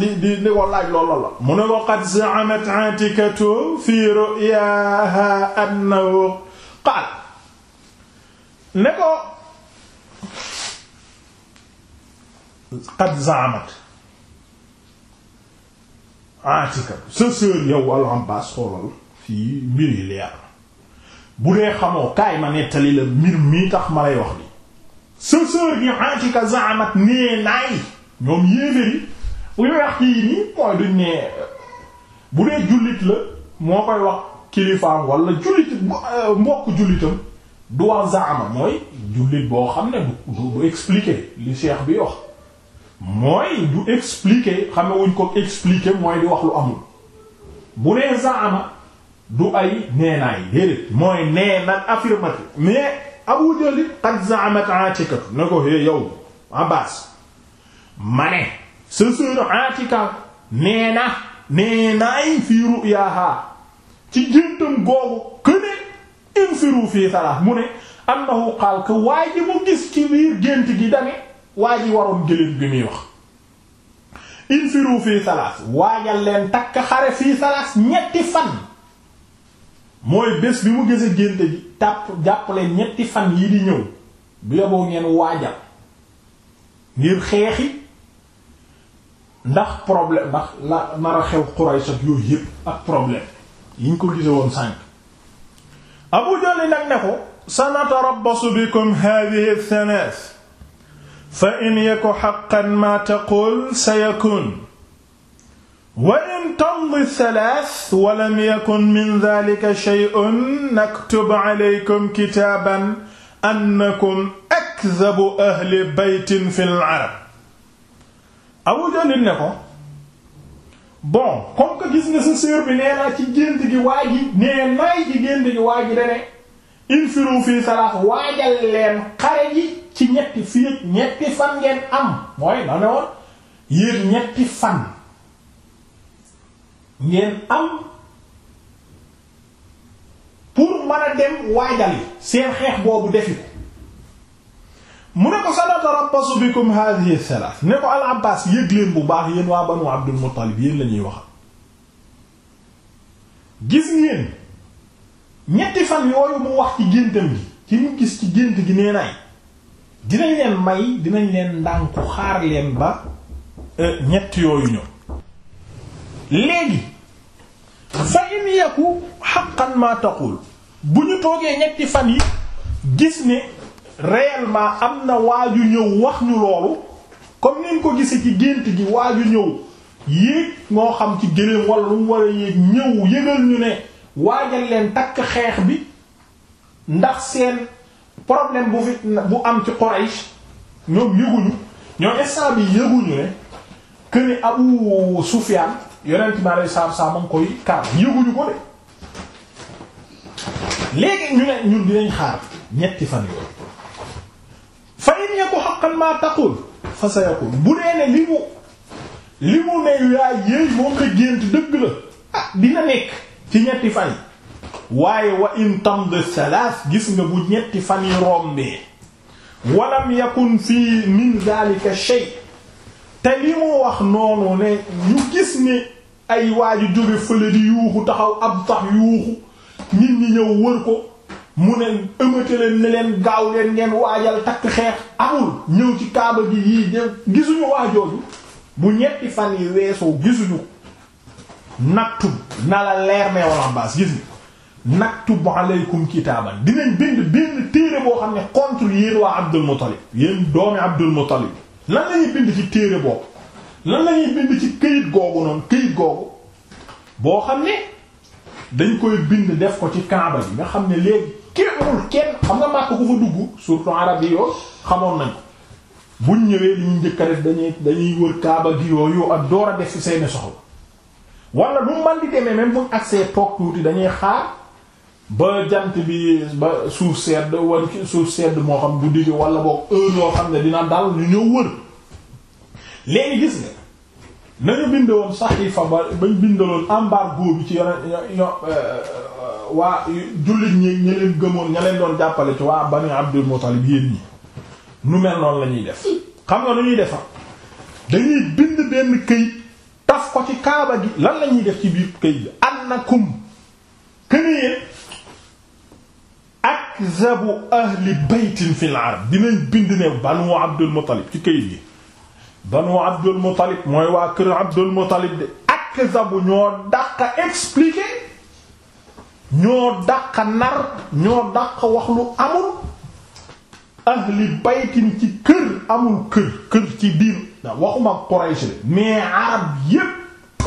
di di di ko laaj loolu la mu ne ko qad za'amat atikatu fi ru'yaha annahu qaal ne ko qad zaamat Atika sa sœur yow al-Abbas xoolal fii mbir leer bu dee xamoo kaay ma nettali la mbir mii tax ma lay wax ni sa sœur yi zaamat nee naay ñoom yéebéri bu ñu kii nii mooy duñ ne bu dee jullit la moo koy wax kilifaam wala jullit mbokk jullitam du wax zaama mooy jullit boo xam ne du du expliquer li cheikh bi wax mooy du expliquer xam ne ko expliquer mooy di wax lu amul bu nee zaama du ay neenaay déedéet mooy nee nan affirmatif mais Abu Jahl za'amat Atikatu ne ko é yow Abbas ma ne sa sœur Atika nee na nee naay ci géntam googu këne infiru fii salaah mu ne annahu qaal que waa ji mu gis ci biir gént gi dane waa yi waroon gëléem bi muy wax infiru fii salaas waajal leen takk xare fii salaas ñetti fan mooy bés bi mu gëse génte ji tàpp jàppale ñetti fan yi di ñëw bu yoboo ngeen waajal ngir xeexi ndax problème ndax la nar xew Quraysh ak yooyu yépp ak problème yi ñu ko gise woon sànq Abu Jahl nag ne ko sanatarabbasu bikum hadhihi thalath fa in yaku xaqan maa taqul sayakun wa in tamdi thalath wa lam yakun min dhalika shay'un naktub alaykum kitaaban annakum akdhabu ahli baytin fil arab Abu Jahl ne ko bon comme que gis nga sa sœur bi nee naa ci gént gi waa ji nee naay ci gént gi waa ji dane infiru fii salaat waajal leen xare ji ci ñetti fii ñetti fan ngeen am mooy la ne woon yéen ñetti fan ngeen am pour mën a dem waajal yi seen xeex boobu defi ko mu ne ko sanatarabbasu bikum hadhihi thalath ne ko al abbas yëg leen bu baax yéen waa banu abdul muttalib yéen la ñuy wax gis ngeen ñetti fan yooyu mu wax ci géntam gi ci mu gis ci gént gi nee dinañ leen may dinañ leen ndànku xaar leen ba euh, ñett yooyu ñëw léegi fa in yaku haqqan ma taqul bu ñu toogee ñetti fan yi gis ne réellement am na waaju ñëw wax ñu loolu comme niñ ko gisee ci gént gi waaju ñëw yéeg moo xam ci géléem wala lu mu war ñëw yëgal ñu ne waajal leen takk xeex bi ndax seen problème bu fi bu am ci Quraysh ñoom yëguñu ñoom instant bi yëguñu ne que ni Abu Sufyan yonent bi alayhi salaatu salaam ngi koy kaar yëguñu ko de léegi ñu ne ñun dinañ xaar ñetti fan yooyu fa in yaku haqqan ma taqul fa sayakun bu dee ne li mu li mu ne yaa yéey moo ko gént dëgg la ah dina nekk ci ñetti fan yi waaye wa in tamd thalath gis nga bu ñetti fan yi rombee walam yakun fii min zalika shay te li mu wax noonu ne ñu gis ni ay waaju jóge fële di yuuxu taxaw ab tax yuuxu nit ñi ñëw wër ko mu ne ëmmate leen ne leen gaaw leen ngeen waajal takk xeex amul ñëw ci kaaba gi yii ñëw gisuñu waajooju bu ñetti fan yi weesoo gisuñu nattum na la leer meewoon ambaas gis ni naktubu aleykum kitaaban dinañ bind benn téere boo xam ne contre yéen waa Abdul Muttalib yéen doomi Abdul Muttalib lan lañuy bind ci téere boobu lan lañuy bind ci këyit googu noonu këyit googu boo xam ne dañ koy bind def ko ci Kaaba bi nga xam ne léegi kéemul kenn xam nga màkk ku fa dugg surtout arab yi yoo xamoon nañ buñ ñëwee li ñu njëkk a def dañuy dañuy wër Kaaba gi yooyu ak door a def ci seeni soxla wala lu man di demee même buñ accès ba jant bi ba suuf sedd war suuf sedd moo xam bu digg wala boog heure yoo xam ne dina dal ñu ñëw wër léegi gis nga nañu bindaloon saxiifa ba bañ bindaloon embargo bi ci yeneen euh, waa jullit ñi ña leen gëmoon ña leen doon jàppale ci waa Bani Abdul Muttalib yéen ñi nu mel noonu la def xam nga nu ñuy defa dañuy bind benn këyit taf ko ci kaaba gi lan la def ci biir këyit bi annakum kënee akzabu ahli baytin fil arab dinañ bind ne banu abdul muttalib ci kayit gi banu abdul muttalib mooy waa kër abdul muttalib de akzabu ñoo dàq expliquer ñoo dàq nar ñoo dàq wax lu amul ahli baytin ci kër amul kër kër ci biir waxuma Quraysh mais arab yépp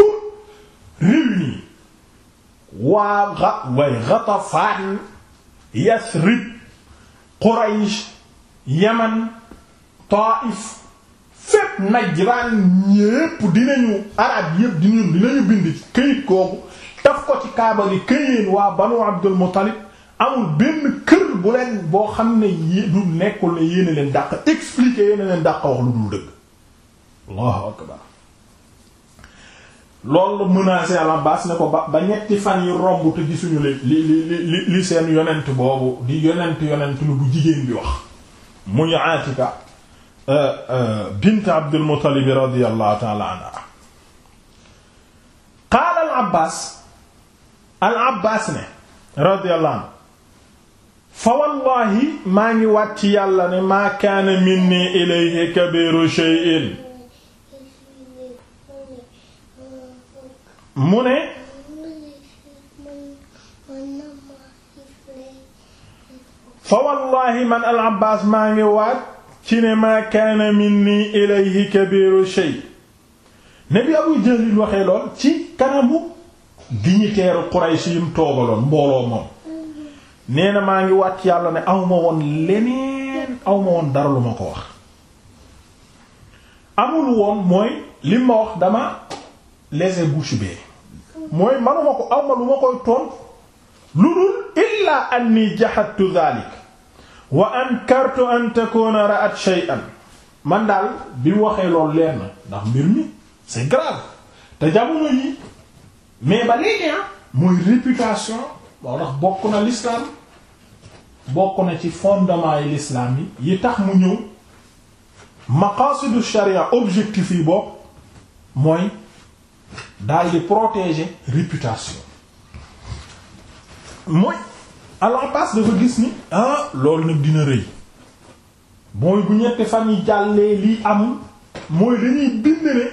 réunis waa a way Ghatafan Yasrib Quraysh Yaman Taif fépp Najraan ñépp dinañu arab yépp dinañu dinañu bind ci këyit kooku taf ko ci kaaba gi këyeen waa Banu Abdul Muttalib amul benn kër bu leen boo xam ne du nekkul ne yéen leen dàq expliquer yéen leen dàq wax lu dul dëgg Allahu akbar loolu la menacé al Abbas ne ko ba ba ñetti fan yi romb te gisuñu li li li li seen yonent boobu di yonent yonent lu bu jigéen bi wax muy Atika euh, euh, bint Abdul Muttalib radiyallahu ta'ala anha qaala al Abbas al Abbas ne radiyallahu anhu fa wallahi maa ngi wàcc yàlla ne maa kaana minni ilayhi kabiru shay'in mu ne fa wallahi man al abbaas maa ngi waat ci ne maa kaana minni ilayhi kabiru shay ne bi abu jahlin waxee lool ci kanamu dignitaire quraysh yi mu toogaloon mbooloo moom nee na maa ngi waat yàlla ne awma woon leneen awma woon dara lu ma ko wax lésé bouche bee mooy manuma ko awma lu ma koy tontu lu dul illaa anni jaxadtu dalik wa ankartu an takuna ra'at shay'an man daal bi waxee loolu leer na ndax mbir mi c'est grave te jamono yi mais ba léegi ah mooy réputation moo tax bokk na l'islam bokk na ci fondement yi l'islam yi yi tax mu ñëw maqasidu sharia objectif yi bopp mooy daal di protéger réputation mooy al-Abbas dafa gis ni ah loolu nag dina rëy mooy bu ñetti fan yi jàllee lii am mooy dañuy bind ne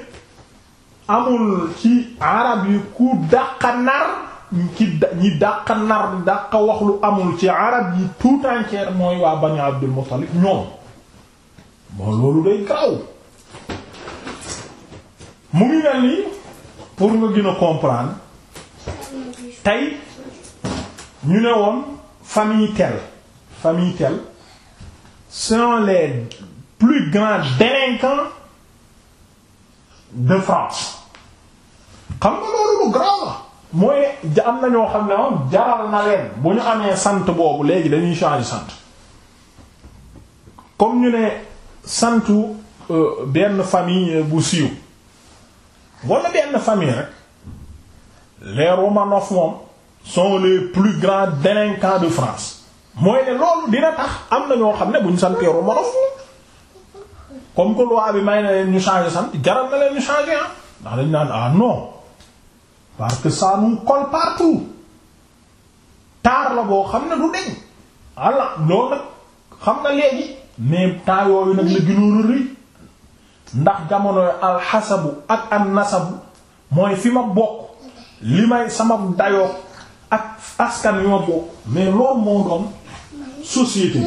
amul ci arab yi ku dàqa nar ki ñi nar dàqa wax lu amul ci arab yi tout mooy waa Bani Abdul Muttalib ñoom bon loolu day gaaw mu ngi mel ni pour nga gën comprendre tey ñu ne woon famille telle famille telle sont les plus grand délinquants de France xam nga loolu lu grand mooy am na ñoo xam ne moom jaral na leen bu ñu amee sant boobu léegi dañuy changer sant comme ñu ne santu euh, benn famille bu siiw wala benn famille rek les Romanov moom sont les plus grands délinquants de France mooy ne loolu dina tax am na ñoo xam ne bu ñu santee Romanov comme que loi bi may na leen ñu changer sant jaral na leen ñu changer ah ndax dañ naan ah non parce que ça nous colle partout taar la boo xam ne du deñ voilà loolu nag xam na léegi mais temps yooyu nag la gënoon a rëy ndax jamonoy alxasabu ak an mooy fi ma bokk li may sama dayoo ak askan wi ma bokk mais loolu moo doon société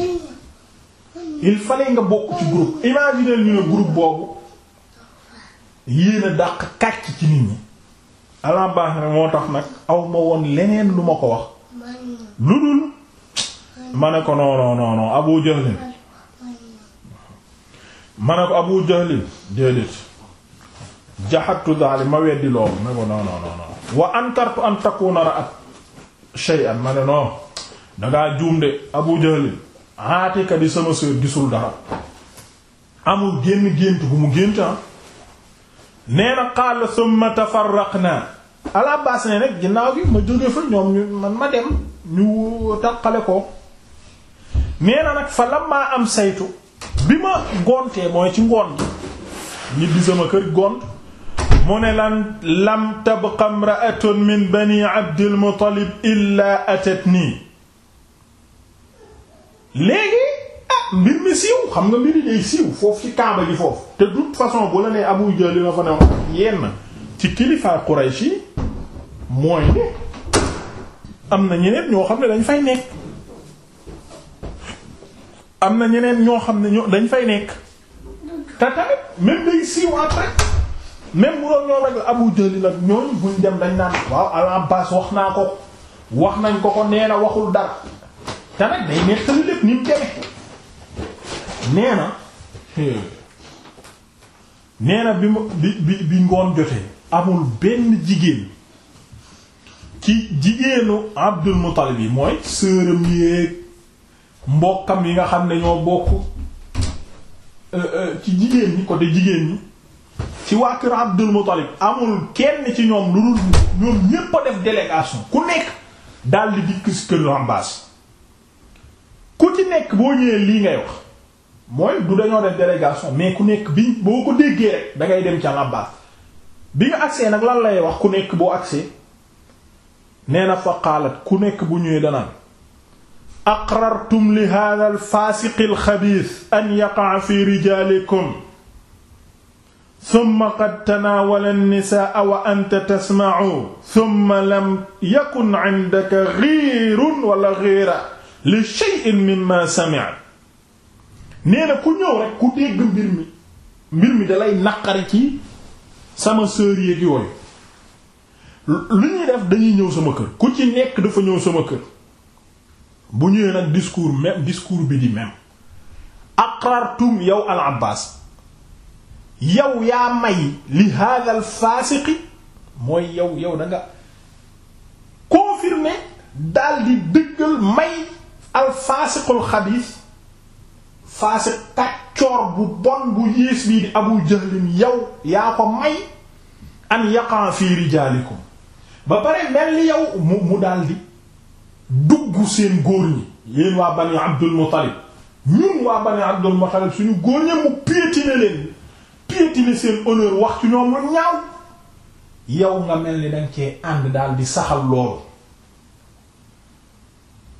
il fallait nga bokk ci groupe imaginer ñu ne groupe boobu yéena daq dàq kàcc ci nit ñi ala baax na moo tax nag aw ma woon leneen lu ma ko wax lu dul ma ne ko non non ma ne ko abu jahlin déedéet jaxatu daali ma weddi loolu ne ko non non non wa ankartu an takuna ra'at shay'an ma ne non dangaa juum de abu jahlin aatika di sama sœur gisul dara amul génn gént bu mu gént ah. nee na qaala thumma tafarraqna ala baas ne nag ginnaaw gi ma jóge fa ñoom ñu man ma dem ñu taqale ko nee na nag fa lamma am saytu bi ma gontee mooy ci ngoon ñibbi sama kër gont mu ne lan lam tabqa imra'atun min bani abdil muttalib illa atatni léegi ah, mbir mi siiw xam nga mbiri day siiw foofu ci kaaba gi foofu te toute façon bu la nee Abu Jahl na fa ne wax yenn ci kilifa Quraysh yi mooy ne am na ñeneen ñoo xam ne dañ fay nekk am na ñeneen ñoo xam ne ñoo dañ fay nekk te tamit même day siiw après même bu doon ñoom rek la Abu Jahl la ñooñu buñ dem dañ naan waaw al Abbas wax naa ko wax nañ ko ko nee na waxul dara te nag day nettali lépp ni mu deme nee bi ngoon jotee amul benn jigéen ci jigéenu Abdul Muttalib yi mooy sërëm yéeg mbokkam yi nga xam ne ñoo bokk euh, euh, ci jigéen ñi côté jigéen ñi ci waa kër Abdul Muttalib amul kenn ci ñoom lu dul ñoom ñépp a def délégation ku nekk daal di dikk si kër Abbas ku ci nekk boo ñëwee lii ngay wax mooy du dañoo def délégation mais ku nekk bi boo ko déggee rek da ngay dem ca Abbas bi nga agsee nag lan lay wax ku nekk boo agsee nee na fa xaalat ku nekk bu ñëwee danaan aqrartum li hada alfaasiqi alxabiis an yaqaca fi rijaalikum summa qad tanaawala annisaa wa anta tasmacu summa lam yakun cindaka giirun wala giira li sheyin mimma samicta nee na ku ñëw rek ku dégg mbir mi mbir mi dalay naqari ci sama sœur yéeg yooyu lu ñuy def dañuy ñëw sama kër ku ci nekk dafa ñëw sama kër bu ñëwee nag discours même discours bi di même aqrartum yow al abbas yow yaa may li hada al faasiqi mooy yow yow da nga confirmer daal di dëggal may al faasiqul xabiis faasiq kaccoor bu bon bu yées bii di abu jahlin yow yaa ko may an yaqa fi rijaalikum ba pare mel ni yow mu mu daal di dugg seen góor ñi yéen waa bani Abdul Muttalib ñun waa bani Abdul Muttalib suñu góor ña mu piétiner leen piétiner seen honneur wax ci ñoom lu ñaaw yow nga mel ni danga cee ànd daal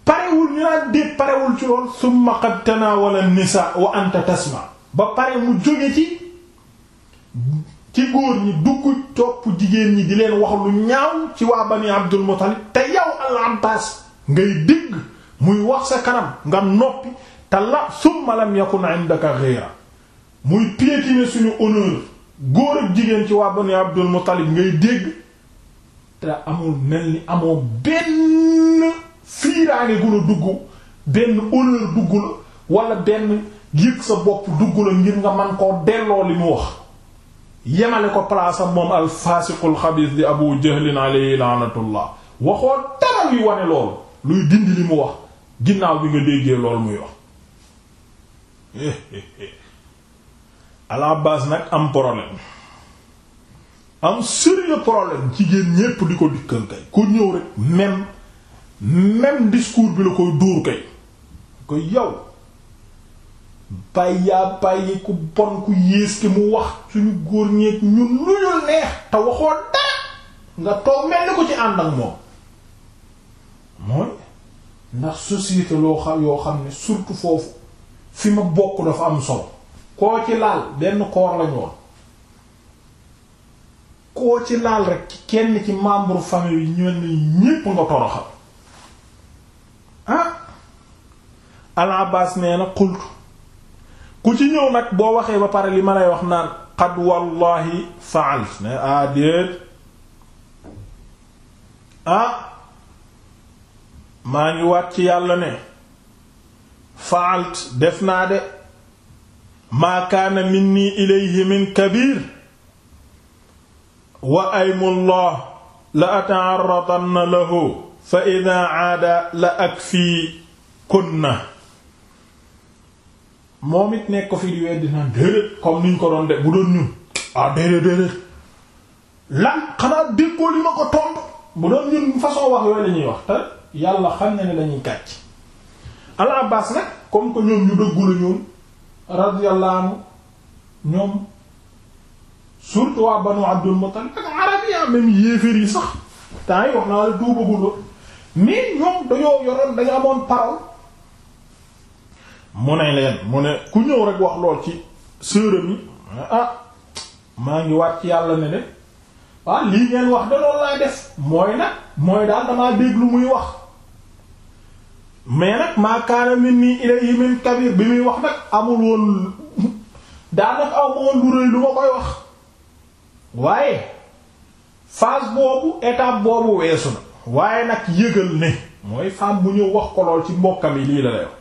parewul ci lool summa qad tanawala nisa wa ba pare mu jóge ci ci góor ñi dugg topp jigéen ñi di leen wax lu ñaaw ci waa bani Abdul Muttalib te yow al ngay dégg muy wax sa kanam nga noppi te la summa na yakun indaka ghayra muy piétiner suñu honneur góor jigéen ci waa bani Abdul Muttalib ngay dégg te amul mel ni amoo benn fiiraange la dugg benn honneur dugg la wala benn yëg sa bopp dugg la ngir nga man koo delloo li mu wax yemale ko palaasam moom al faasiqul xabiis di Abu Jahlin alayhi laanatullah waxoo dara luy wane loolu luy dindi li mu wax ginnaaw bi nga déggee lool muy wax Al Abbas nag am problème am sérieux problème jigéen ñépp di ko dikkal kay ku ñëw rek même même discours bi la koy dóor kay ko yow bàyyaa bàyyi ku bon ku yées ki mu wax suñu góor ñeeg ñun lu ñu neex te waxoo dara nga toog mel ni ko ci ànd ak moom mooy ndax société loo xam yoo xam ne surtout foofu fi ma bokk dafa am solo koo ci laal benn koor lañu woon koo ci laal rek kenn ci membre famille yi ñoom ñépp nga toroxal ah al-Abbas nee ku ci ñëw nag boo waxee ba pare li ma lay wax naan xadd wallahi faal ne ah déet ah maa ngi waat ci yàlla ne faalt def naa de maa kaana minni ilayhi min kabir wa aymullah la ata'arradanna lahu fa ida aada la akfi kunna moom it nekk ko fi di weddi naan déedéet comme niñ ko doon de bu doon ñun ah déedéet déedéet lan xanaa déggoo ma ko tontu bu doon ñun façon wax yooyu la wax te yàlla xam na ne dañuy kàcc al abbas nag comme que ñoom ñu dëggu la ñoom radiyallahu anhu ñoom surtout waa banu abdul muttalib ak arabiya même yéeféer yi sax temps yi wax naa la tuubagul mais ñoom dañoo yoroon dañu amoon parole mu ne leen mu ne ku ñëw rek wax lool ci sërëm yi ah maa ngi wàcc yàlla ne de waaw ah, lii ngeen wax de loolu def mooy nag mooy daal damaa dégg lu muy wax mais nag maakaana min nii ilayhi min kabir bi muy wax nag amul woon daanaka aw ma woon lu rëy lu ma koy wax waaye phase boobu étape boobu weesu na waaye nag yëgal ne mooy femme bu ñëw wax ko lool ci mbokkam mi lii la lay wax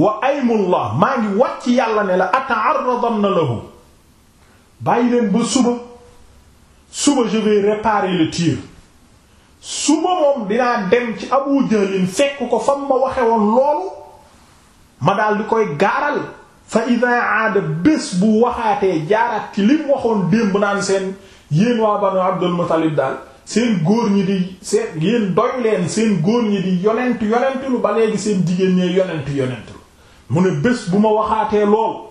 wa aymullah maa ngi wàcc yàlla ne la ata'arradanna lahu bàyyi leen ba suba suba je vais réparer le suba moom dinaa dem ci Abu Jahlin fekk ko fam ma waxe woon loolu ma daal di koy gaaral fa aada bés bu waxaatee jaaraat ci lim waxoon démb naan seen yéen waa Banu Abdul Muttalib daal seen góor ñi di seen yéen doy seen góor ñi di yonent yonentulu ba léegi seen jigéen ñee yonent yonentulu mu ne bés bu ma waxaatee lool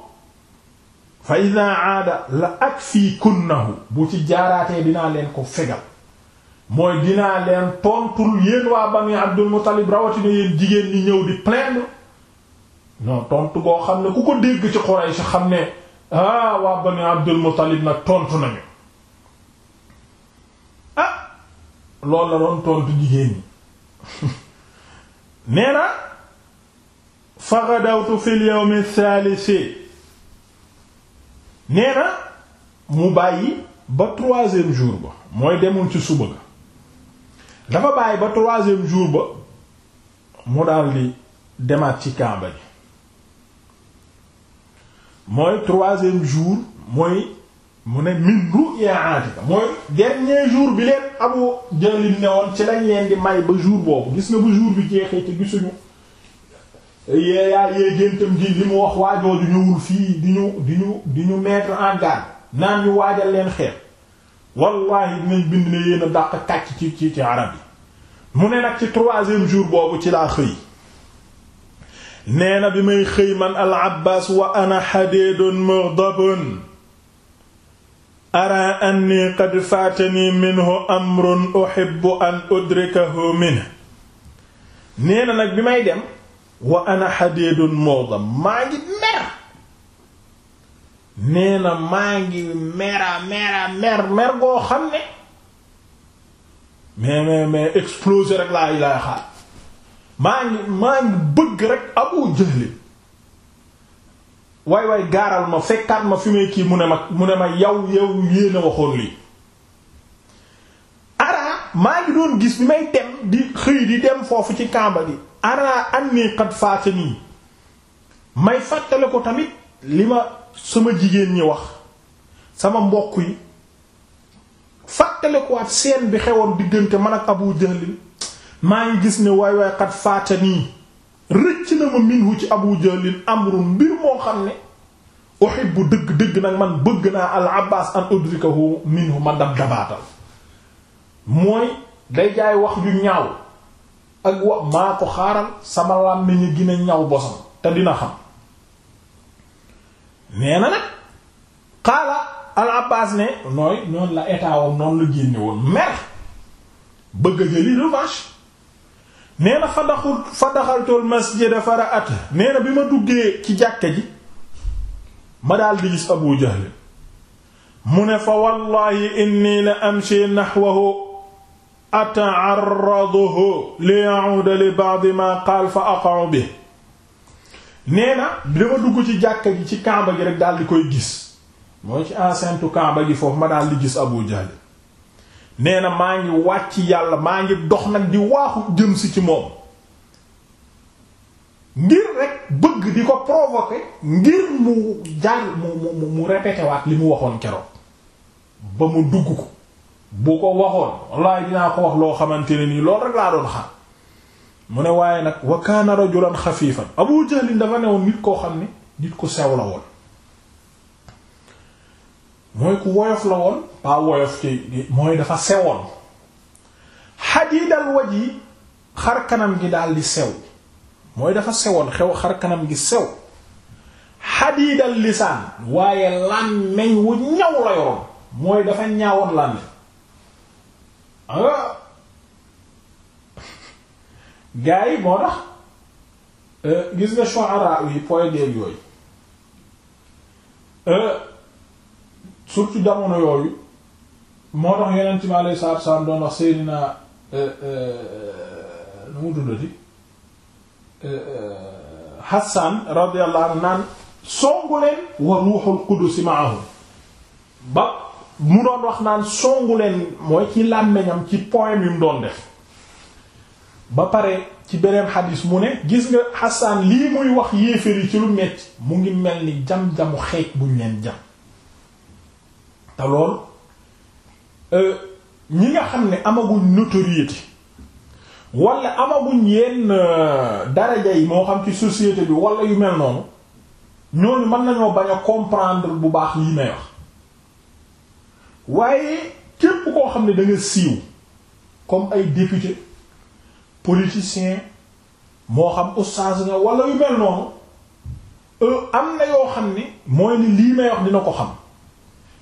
fa aada la akfiikunnahu bu ci jaaraatee dinaa leen ko fegal mooy dinaa leen tontul yéen waa bani Abdul Muttalib rawatina yéen jigéen ñi ñëw di plaindre non tontu boo xam ne ku ko dégg ci Quraysh xam ne ah waa bani Abdul Muttalib nag tontu nañu ah loolu la doon tontu jigéen ñi nee na fa gadawtu fil yawmi thalisi nee na mu bàyyi ba troisième jour ba mooy demul ci suba ga dafa bàyyi ba troisième jour ba mu daldi demaat ci kàmba ji mooy troisième jour mooy mu ne min ru'ya Atika mooy dernier jour bi leen Abu Jahl ne woon ci lañ leen di may ba jour boobu gis na ba jour bi jeexee ci gisuñu yee yaa yee géntam ji li mu wax waajooju ñëwul fii di ñu di ñu di ñu mettre en garde naan ñu waajal leen xeet wallahi dinañ bind ne yéen a dàq kàcc ci ci ci arab yi mu ne nag ci troisième jour boobu ci laa xëy nee na bi may xëy man al abbas wa ana xadidun mughdabun ara anni qad faatani minhu amrun uhibbu an udrikahu minhu nee na nag bi may dem wa ana xadidun mughdab maa ngi mer nee na maa ngi mera mera mer mer goo xam ne mais mais mais exploser rek laa yi laay xaar maa ngi maa ngi bëgg rek Abu Jahl waay waay gaaral ma fekkaat ma fi may kii mu ne ma mu ne ma yow yow yéen a waxoon lii araa maa ngi doon gis bi may dem di xëy di dem foofu ci kamba gi araa am nii xat faata nii may fàttale ko tamit li ma sama jigéen ñi wax sama mbokk yi fàttalekuwaat seen bi xewoon diggante man ak Abu Jahl maa ngi gis ne waay waay xat faata nii rëcc na ma minhu ci Abu Jahl amrun mbir moo xam ne bu dëgg dëgg nag man bëgg naa al Abbaas an udrikahu minhu ma dab dabaatal mooy day jaay wax yu ñaaw ak wa maa ko xaaral sama làmmiñ a gën a ñaw bosam te dina xam nee na nag xaala al abbas ne nooy noonu la état wam la génne woon mer bëgg a jëli revanche nee na fa daxul masjida fara at nee na bi ma duggee ci jàkke ji ma daal gis Abu Jahl mu ne fa wallahi inni la amshi nahwahu ata'arraduhu li ya'uda li ba'd ma qaal fa aqa'u bihi nee na dama dugg ci jàkka ji ci kamba gi rek daal di koy gis mooy ci enceinte kamba gi foofu ma daal di gis Abu Jahl nee na maa ngi wàcc yàlla maa ngi dox nag di waaxu jëm si ci moom ngir rek bëgg di ko provoquer ngir mu jaar mu mu mu répété waat li mu waxoon keroog ba mu dugg ko bu ko waxoon wallaay dinaa ko wax loo xamante ne nii lool rek laa doon xam mu ne waaye nag wa kaana rajulan xafiifan abu jahlin dafa newoon nit koo xam ne nit ku sew la woon mooy ku woyof la woon pas woyof ci mooy dafa sewoon xadiidal waj yi xar kanam gi daal di sew mooy dafa sewoon xew xar kanam gi sew xadiidal lisaan waaye làmmeñ wu ñaw la yoroon mooy dafa ñaawoon làmmeñ ah, gaa yi moo tax euh, gis nga shu'ara yi poète yooyu euh, surtout jamono yooyu moo tax yeneen ci ma lay saab saab doon wax Seydina euh, nu mu Hassan radiyallahu anhu naan songu leen wa ruuxul qudus ma'ahum ba mu doon wax naan songu leen mooy ci làmmeñam ci point yi mu doon def ba pare ci beneen xadis mu ne gis nga Hassan lii muy wax yéefar yi ci lu metti mu ngi mel ni jam-jamu xeej buñ leen jam te lool euh, ñi nga xam ne amaguñ notoriété wala amaguñ yenn euh, daraja yi moo xam ci société bi wala yu mel noonu ñooñu mën nañoo bañ a comprendre bu baax lii may wax waaye képp koo xam ne da siiw comme ay député politicien moo xam oustaz nga wala yu mel noonu euh, am na yoo xam ne mooy ni lii may wax dina ko xam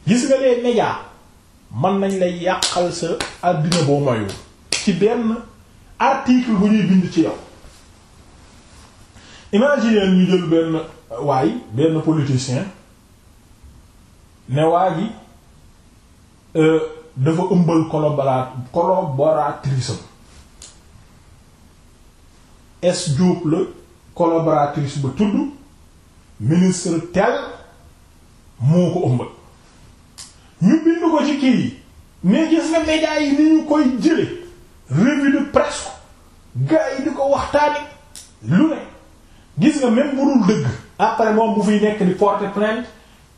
gis nga les médias man nañ lay yàqal sa àddina boo mayul ci benn article bu ñuy bind ci yow imagine ñu jël benn waay benn politicien ne waa ji euh, dafa ëmbal kolo am es Diop la collaboratrice ba tudd ministre tel moo ko ëmb ñu bind ko ci kii yi mais yi ni ñu koy jële revue de presse di ko waxtaani lu ne gis nga même bu dul dëgg après moom bu fiy nekk di porter plainte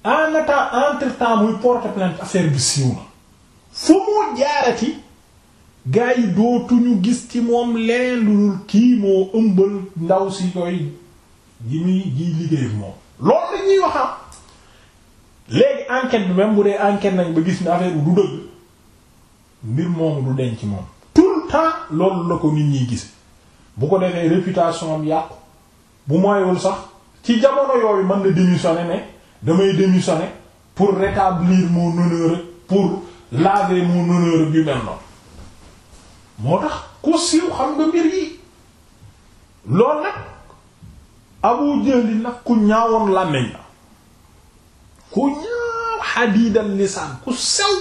en attendant entre temps muy porter plainte affaire bi siiw na fu mu jaarati gaa yi dootuñu gis ci moom leneen lu kii moo ëmbal ndaw si koy gi muy giy liggéey moom loolu la waxam ah. léegi enquête bi même bu dee enquête nañ ba gis ne affaire du dëgg mbir moomu du denc moom tout le temps loolu la ko nit ñi gis bu ko defee réputation am yàqu bu moywul sax ci jamono yooyu mën na démissionner ne damay démissionner pour rétablir mon honneur pour laver mon honneur bi mel noonu moo tax ku siiw xam nga mbir yi loolu nag Abu Jahl nag ku ñaawoon làmmiñ la ku ñaaw xadiidal lisaan ku sew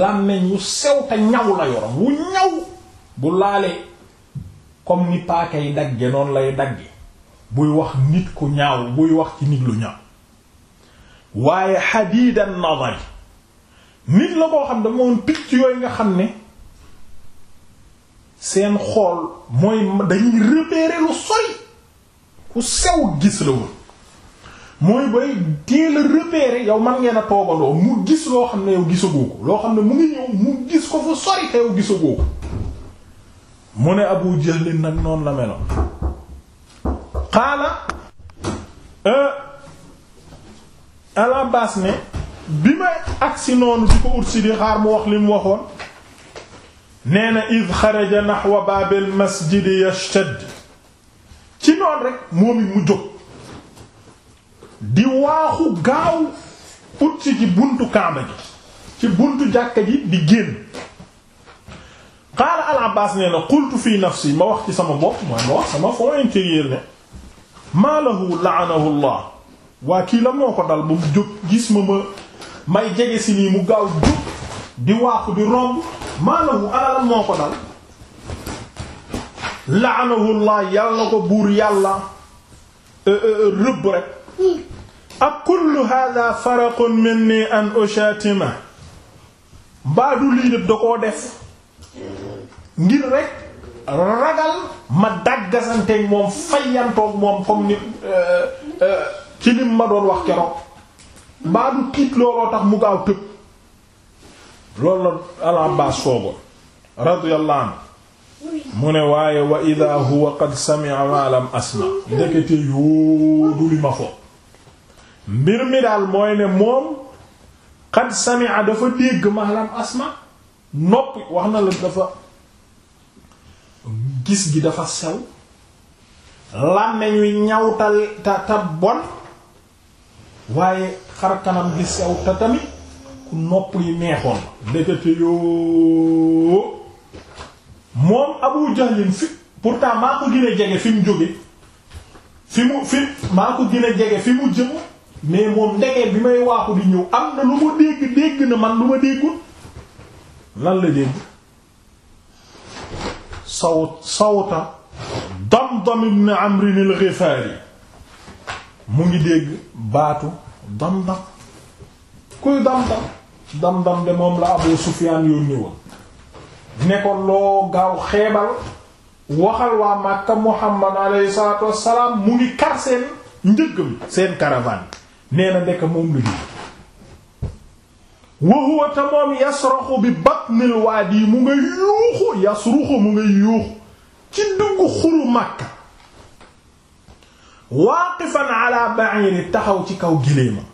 làmmiñ wu sew te ñaw la yorom wu ñaw bu laalee comme ni paaka yi dagge noonu lay dagge buy wax nit ku ñaaw buy wax ci nit lu ñaaw waaye xadiidal nazari nit la koo xam dama woon picc yooyu nga xam ne seen xool mooy dañuy repérer lu sori ku sew gis la woon mooy bay teel a repérer yow man ngeen a toogaloo mu gis loo xam ne yow gisagoo ko loo xam ne mu ngi ñëw mu gis ko fu sori te yow gisagoo ko mu ne Abu nag noonu la meloon xaala euh, Al Abbas ne bi may agsi noonu di ko ut si di xaar mu wax li mu waxoon nee na id xaraja naxwa baabil masjidi yashtad ci noonu rek moom mu jóg di waaxu gaaw ut si ci buntu kaaba ji ci buntu jàkka ji di génn qaala al abbas nee qultu fi nafsi ma wax ci sama bopp ma wax sama fond intérieur ne maa lahu laanahu llah waa kii la moo ko dal ba mu jóg gis ma may jege si nii mu gaaw jóg di waaxu di romb maanaam alalam moo ko dal laanahullah yàlla na ko buur yàlla e, e, e, rëbb rek ak kullu hada faraqun minni an ushatima mbaa du lii lépp da koo def ngir rek ragal ma daggasanteeg moom fayantoog moom ci lim ma doon wax keroog mbaa du tiit looloo tax mu gaaw tëb loolu la al abbaas soogoon radiyallahu anhu mu ne waaye wa ida huwa qad sami'a ma lam asma ndekete yoo du li ma fo mbir mi daal mooy ne moom qad sami'a dafa dégg ma lam asma noppi wax na la dafa gis gi dafa sew làmmeñ wi ñaw ta ta bon waaye xar kanam gi sew ta tamit ku nopp yi neexoon ndekete yoo moom Abu Jahlin fi pourtant maa ko gën a jege fi mu jóge fi mu fi maa ko gën a jege fi mu jëm mais moom ndege bi may waaxu di ñëw am na lu ma dégg dégg na man lu ma déggul lan la dégg sawt sawta Damdam ibn Amr al-Ghifari mu ngi dégg baatu Damdam kuy Damdam dam de moom la Abu Sufyaan yónni woon ne ko loo gaaw xeebal waxal waa Makka Muhammad alayhi salaatu wassalaam mu ngi kar seen njëggam seen caravane nee na ndekk moom lu wa huwa te moom yasraxu bi batnil waadi mu nga yuuxu yasruxu mu nga yuuxu ci dugg xuru Makka waaqifan ala ba'iri taxaw ci kaw gileema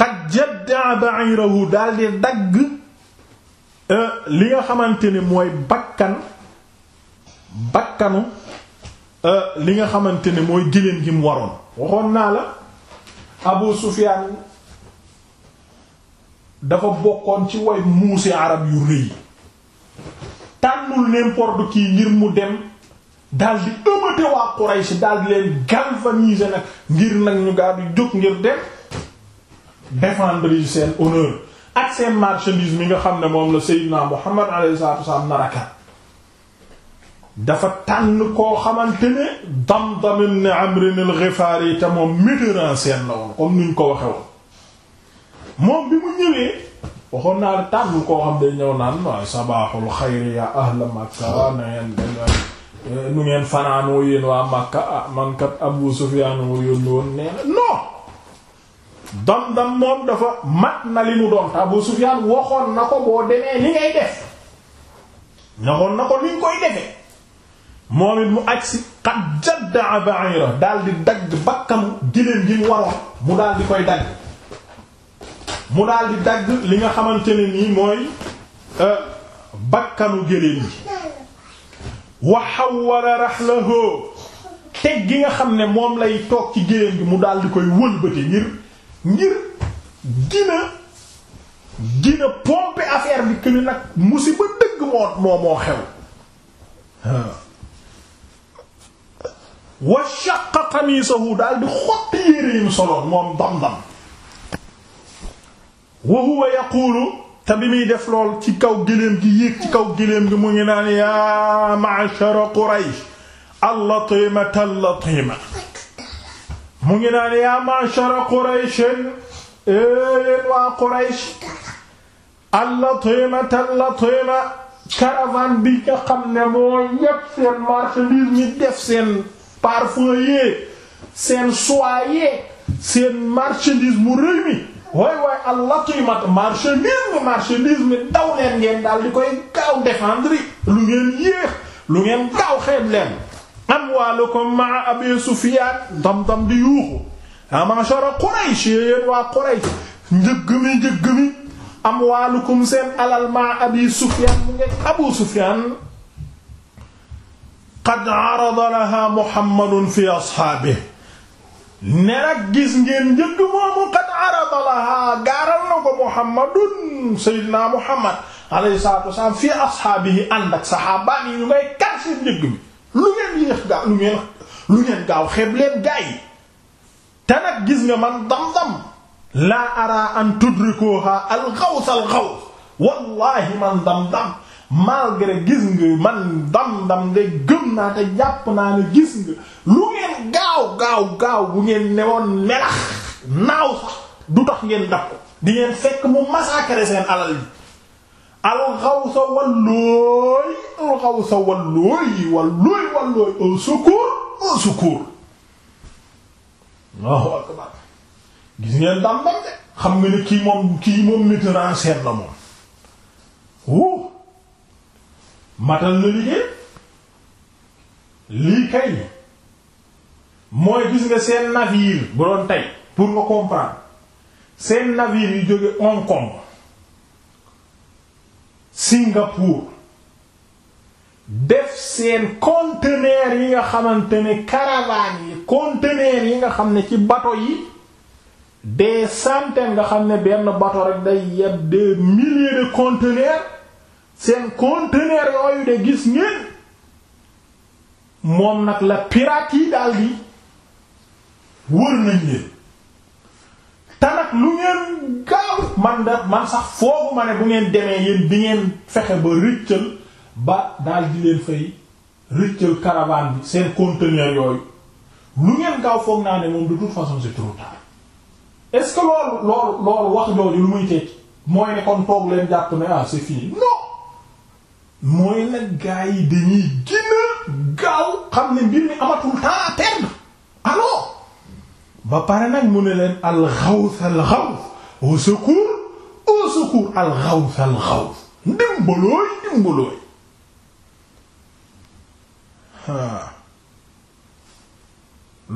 qad jadda ba'irahu daal di dagg euh, li nga xamante ne mooy bakkan bakkanu euh, li nga xamante ne mooy gëléem gi mu waroon waxoon naa la Abu Sufyaan dafa bokkoon ci way muuse arab yu rëy tànnul n'importe qui ngir mu dem daal di ëmmate waa Quraysh daal di leen galvaniser nag ngir nag ñu gaa jóg ngir dem défendre yi seen honneur ak seen marchandise mi nga xam ne moom la Seydina Muhammad alayhi salaatu wasalaam naraka dafa tànn koo xamante ne Damdam ibn Amr al-Ghifari te moom metteur en scène woon comme nuñ ko waxe woon moom bi mu ñëwee waxoon naa tànn koo xam day ñëw naan waaye sabaaxul xayri ya ahla Makka na ngeen eh, nu ngeen fanaanoo yéen waa Makka ah Abu Sufyan moo yónni woon nee Damdam moom dafa mat na li mu doon te Abu Sufyaan waxoon na ko boo demee li ngay def ñaxoon na ko li koy defee moom it mu agsi qad jadda ba'ira daal di dagg bakkam giléem gi mu waroon mu daal di koy dagg mu daal di dagg li nga xamante ne nii mooy euh, bakkanu géléem gi wa hawwala rahlahu teg gi nga xam ne moom lay toog ci géléem gi mu daal di koy wëlbati ngir ngir dina dina pomper affaire bi que ni nag musiba dëgg moo moo moo xew wa shaqqa qamiisahu daal di xotti yére yim soloon moom Damdam wa huwa yaqulu te bi def lool ci kaw gëléem gi yéeg ci kaw gëléem gi mu ngi naan yaa ma'shara Quraysh allatima tallatima mu ngi naan yaa ma'shara qurayshin e yéen waa quraysh allatima tallatima caravane bi nga xam ne moo yépp seen marchandise def seen parfum seen soie yee seen marchandise mu rëy mi waay waay allatima marchandise mi marchandise mi daw leen ngeen daal di koy gaaw défendre lu ngeen yéex lu ngeen gaaw xeeb leen amwaalukum ma'a abi sufyaan dam-dam di yuuxu amashara ah, quraysh yéen waa quraysh njëgg mi njëgg mi amwaalukum seen alal ma'a abi sufyaan mu ngeen abu sufyaan qad arada laha muhammadun fi ashaabihi ne nag gis ngeen njëgg moomu qad arada laha gaaral na ko muhammadun sayyidina muhammad alayhi salaatu wasalaam fi ashaabihi ànd ak saxaabaan yi ñu ngay kar seen njëgg mi lu ngeen yéex gaaw lu ngeen lu ngeen gaaw xeeb gaa yi te nag gis nga man dam-dam laa ara an tudrikuha al xaws al xaws wallahi man dam-dam malgré gis nga man dam-dam de gëm naa te jàpp naa ne gis nga lu ngeen gaaw gaaw gaaw bu ngeen newoon melax naaw sax du tax ngeen daf ko di ngeen fekk mu massacrer seen alal yi alxawsa wallooy alxawsa wallooy wallooy wallooy au secours au secours Allahu akbar gis ngeen dam dam de xam nga ne kii moom kii moom metteur en la moom wu na liggéey lii kay mooy gis nga seen navire bu doon tey pour nga comprendre seen navire yu jóge Hong Kong Singapour def seen conteneur yi nga xamante ne caravane yi conteneur yi nga xam ne ci bateau yi des centaines nga xam ne benn bato rek day yeb des milliers de conteneurs seen conteneur yooyu de gis ngeen moom nag la piraat yi daldi wër nañ leen te lu ngeen gaaw man da man sax foofu ma ne bu ngeen demee yéen bi ngeen fexe ba rëccal ba dal di leen fay rëccal caravane bi seen conteneur yooyu lu ngeen gaaw foog naa ne moom de toute façon c'est trop tard est loolu loolu loolu wax jooju lu muy tekki mooy ne toog leen jàpp ne ah c'est fini non mooy nag gars yi dañuy gën a gaaw xam ne mbir mi amatul temps à perdre alors ba pare nag mu ne leen alxawth alxawth au secours au secours alxawth alxawth ndimbalooy ndimbalooy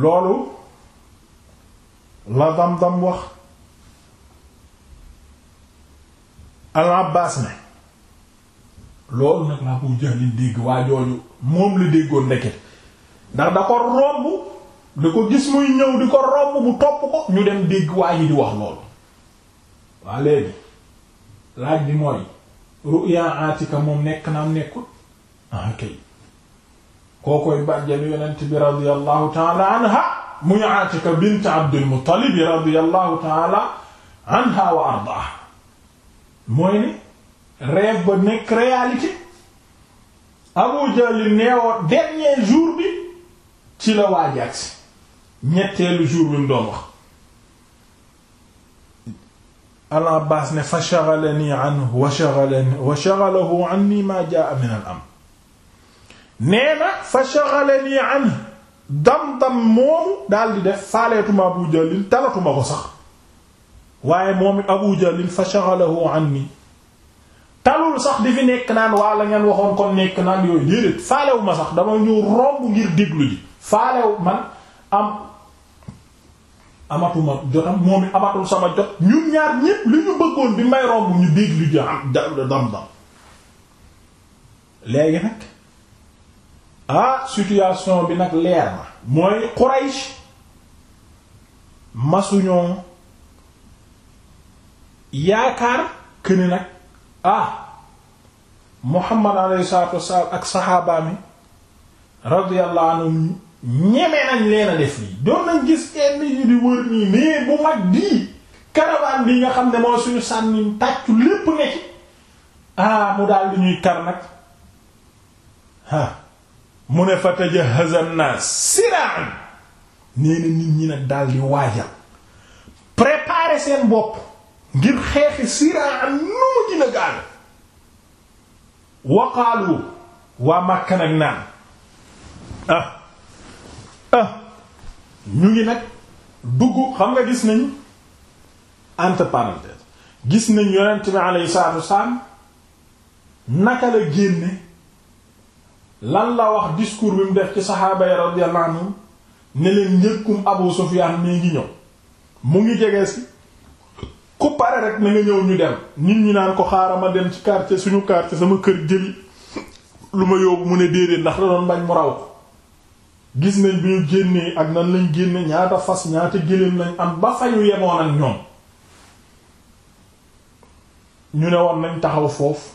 loolu la dam wax al ne loolu nag laa ko jëlin dégg waa jooju moom la déggoon ndeket ndax da ko romb da ko gis muy ñëw di ko romb bu topp ko ñu dem dégg waa di wax loolu waa léegi laaj mooy ru'ya atika moom nekk na am nekkul ah kay kookoy bàjjal yonent bi radiyallahu taala anha muy atika bint abdul muttalib radiyallahu taala anha wa ardaah mooy ni rêve ba nekk réalité Abu Jahl neewoo dernier jour bi ci la waajaat ñetteelu jour bi mu doon wax al ne fa shaghalanii wa shaghalanii wa shaghalahu annii min al am nee na fa shaghalanii anhu Damdam moomu daal di def faaleetuma Abu Jahl talatuma ko sax waaye moom it Abu Jahl fa shaghalahu annii talul sax di fi nekk naan waa la ngeen waxoon kon nekk naan yooyu déedéet faalewu sax dama ñëw romb ngir diglu ji faalew am amatuma jotam moom it amatul sama jot ñun ñaar ñépp li ñu bëggoon bi may romb ñu dégg lu am dam-dam léegi nag ah situation bi nag leer na mooy Quraysh masuñoo yaakaar këni nag ah Muhammad alayhi salaatu wassalaam ak saxaabaa mi radiyallahu anhum ñeme nañ leen a def lii doon nañ gis kenn yu di wër nii mais bu mag bii caravane bi nga xam ne moo suñu sànniñ tàccu lépp nekk ah mu daal di ñuy kar nag mu ne fa tajahaza an-nas siraan nee na nit ñi nag daal waajal préparer seen bopp ngir xeexi siraan nu mu gën a gaaw waa Makka nag naan ah, ñu ngi nag dugg xam nga gis nañ entre parenthèses gis nañ yonent bi alayhi salaatu wasalaam naka la génne lan la wax discours bi mu def ci saxaaba yi radiyallahu anhum ne leen njëkkum Abu Sufyaan mi ngi ñëw mu ngi jege si ku pare rek na nga ñëw ñu dem nit ñi naan ko xaaral ma dem ci quartier suñu quartier sama kër jëli lu ma yóbbu mu ne déedéet ndax la doon bañ mu raw gis nañ bi ñu génnee ak nan lañ génne ñaata fas ñaata gëléem lañ am ba fa ñu yemoon ak ñoom ñu ne woon nañ taxaw foofu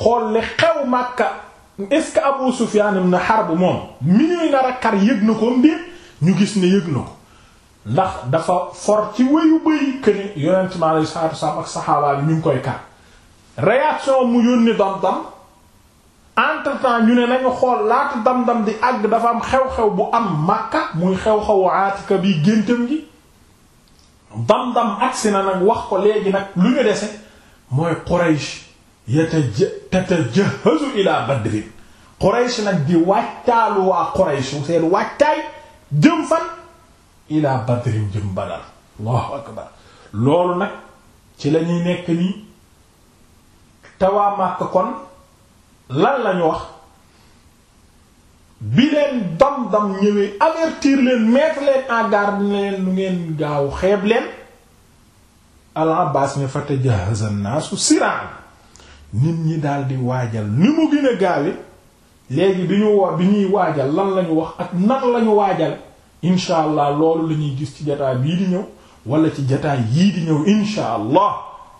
xool li xew Makka est-ce que Abu Sufyan ibn Harb moom mi ñuy nar a kar yëg na ko mbir ñu gis ne yëg na ko ndax dafa for ci wéyu bëy que yonent mi alayhi salaatu ak saxaaba yi ñu ngi koy kar réaction mu yónni dam-dam entre temps ñu ne nañu xool laata dam di àgg dafa am xew-xew bu am màkka muy xew-xewu aatika bi géntam gi dam agsi na nag wax ko léegi nag lu ñu dese mooy Quraysh yatajahazu ila badrin Quraysh nag di wàccaalu waa Quraysh seen wàccaay jëm fan ila badrin jëm badar allahu akbar loolu nag ci lañuy nekk nii tawaa màkk kon lan lañu wax bi leen dam-dam ñëwee avertir leen mettre leen en garde leen lu ngeen gaaw xeeb leen al Abbaas ne fa tajahaza naasu siraan nit ñi daldi waajal ni mu gën a gaawe léegi bi ñu wax bi ñuy waajal lan lañu wax ak nan lañu waajal insha allah loolu la ñuy gis ci jataay bii di ñëw walla ci jataay yii di ñëw insha allah